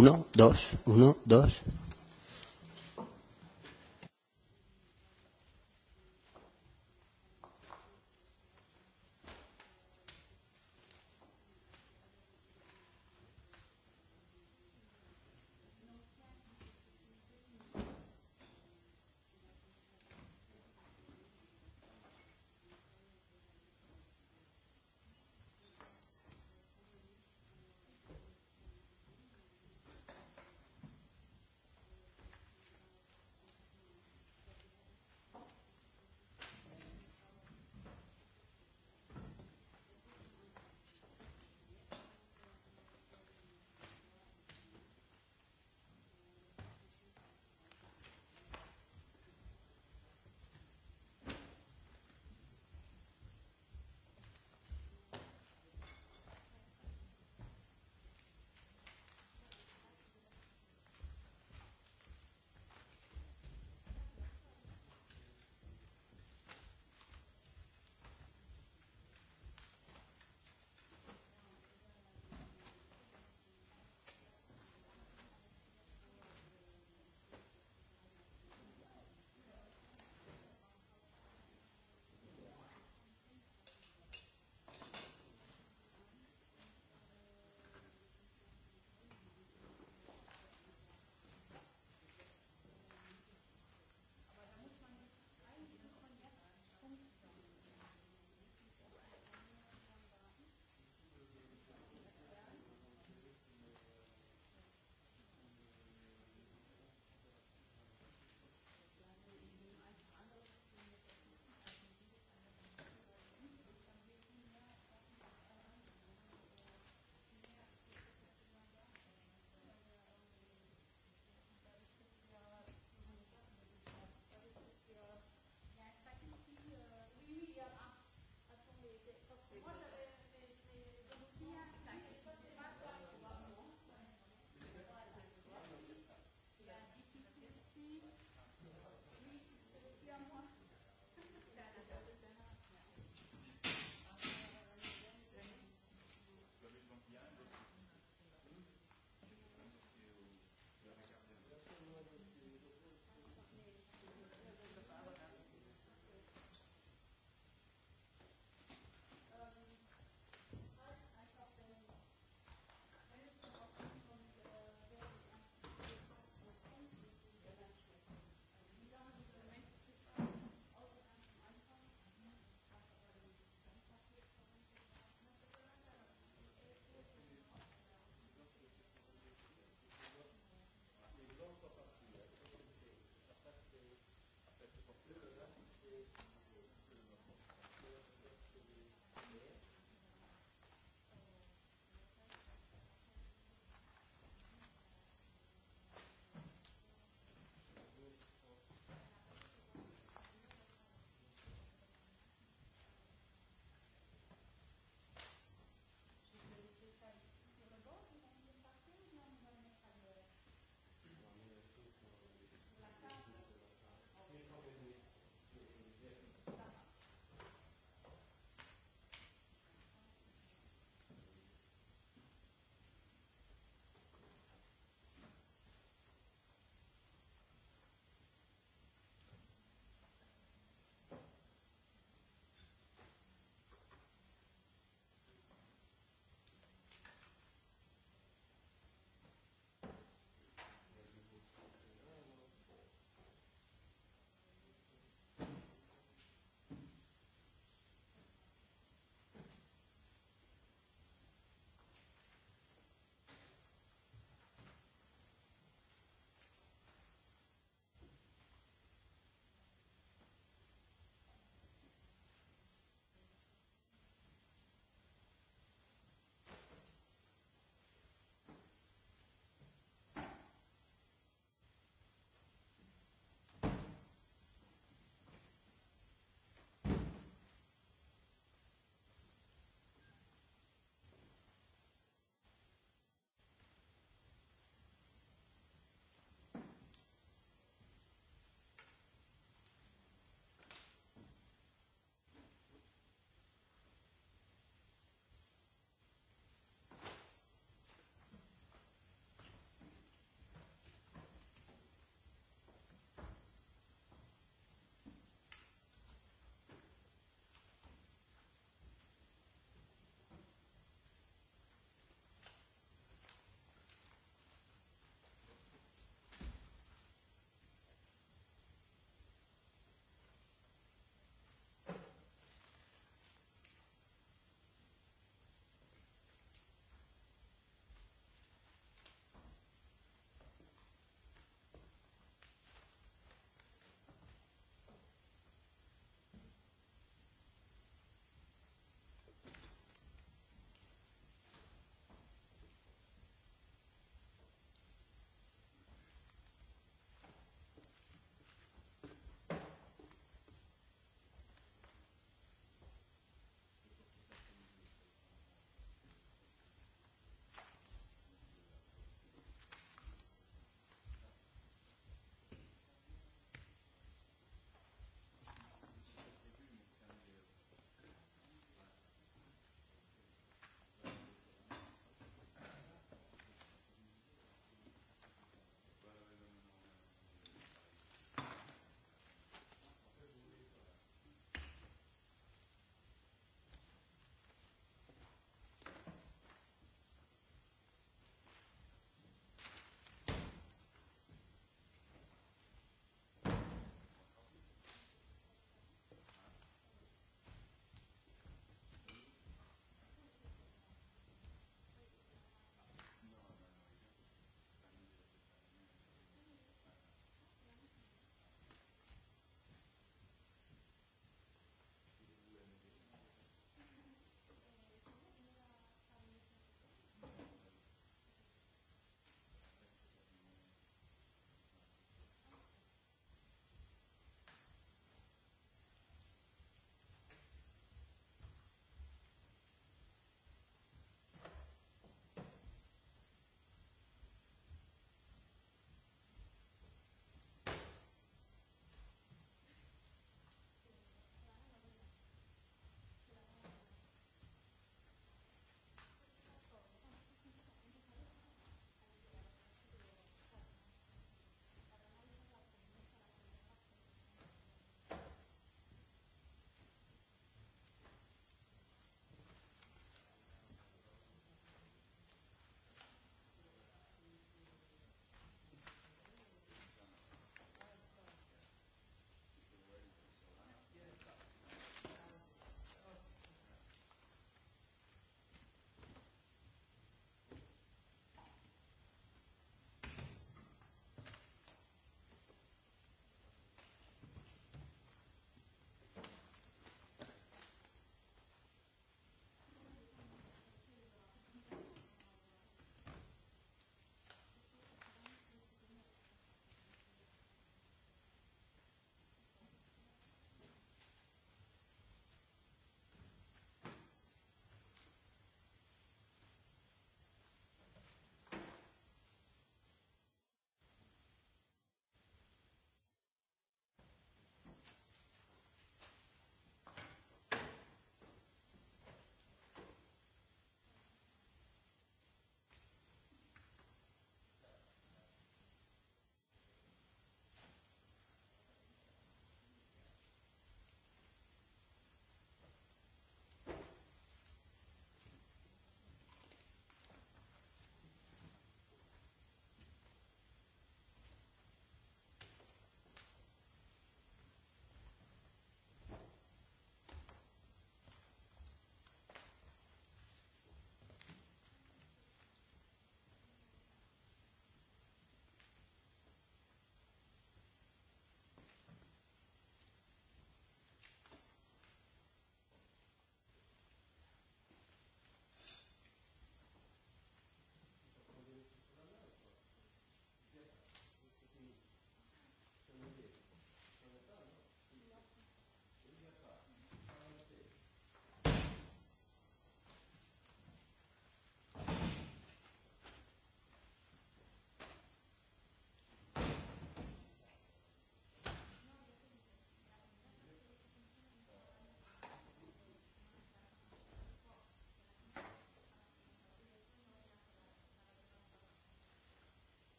Uno, dos, uno, dos.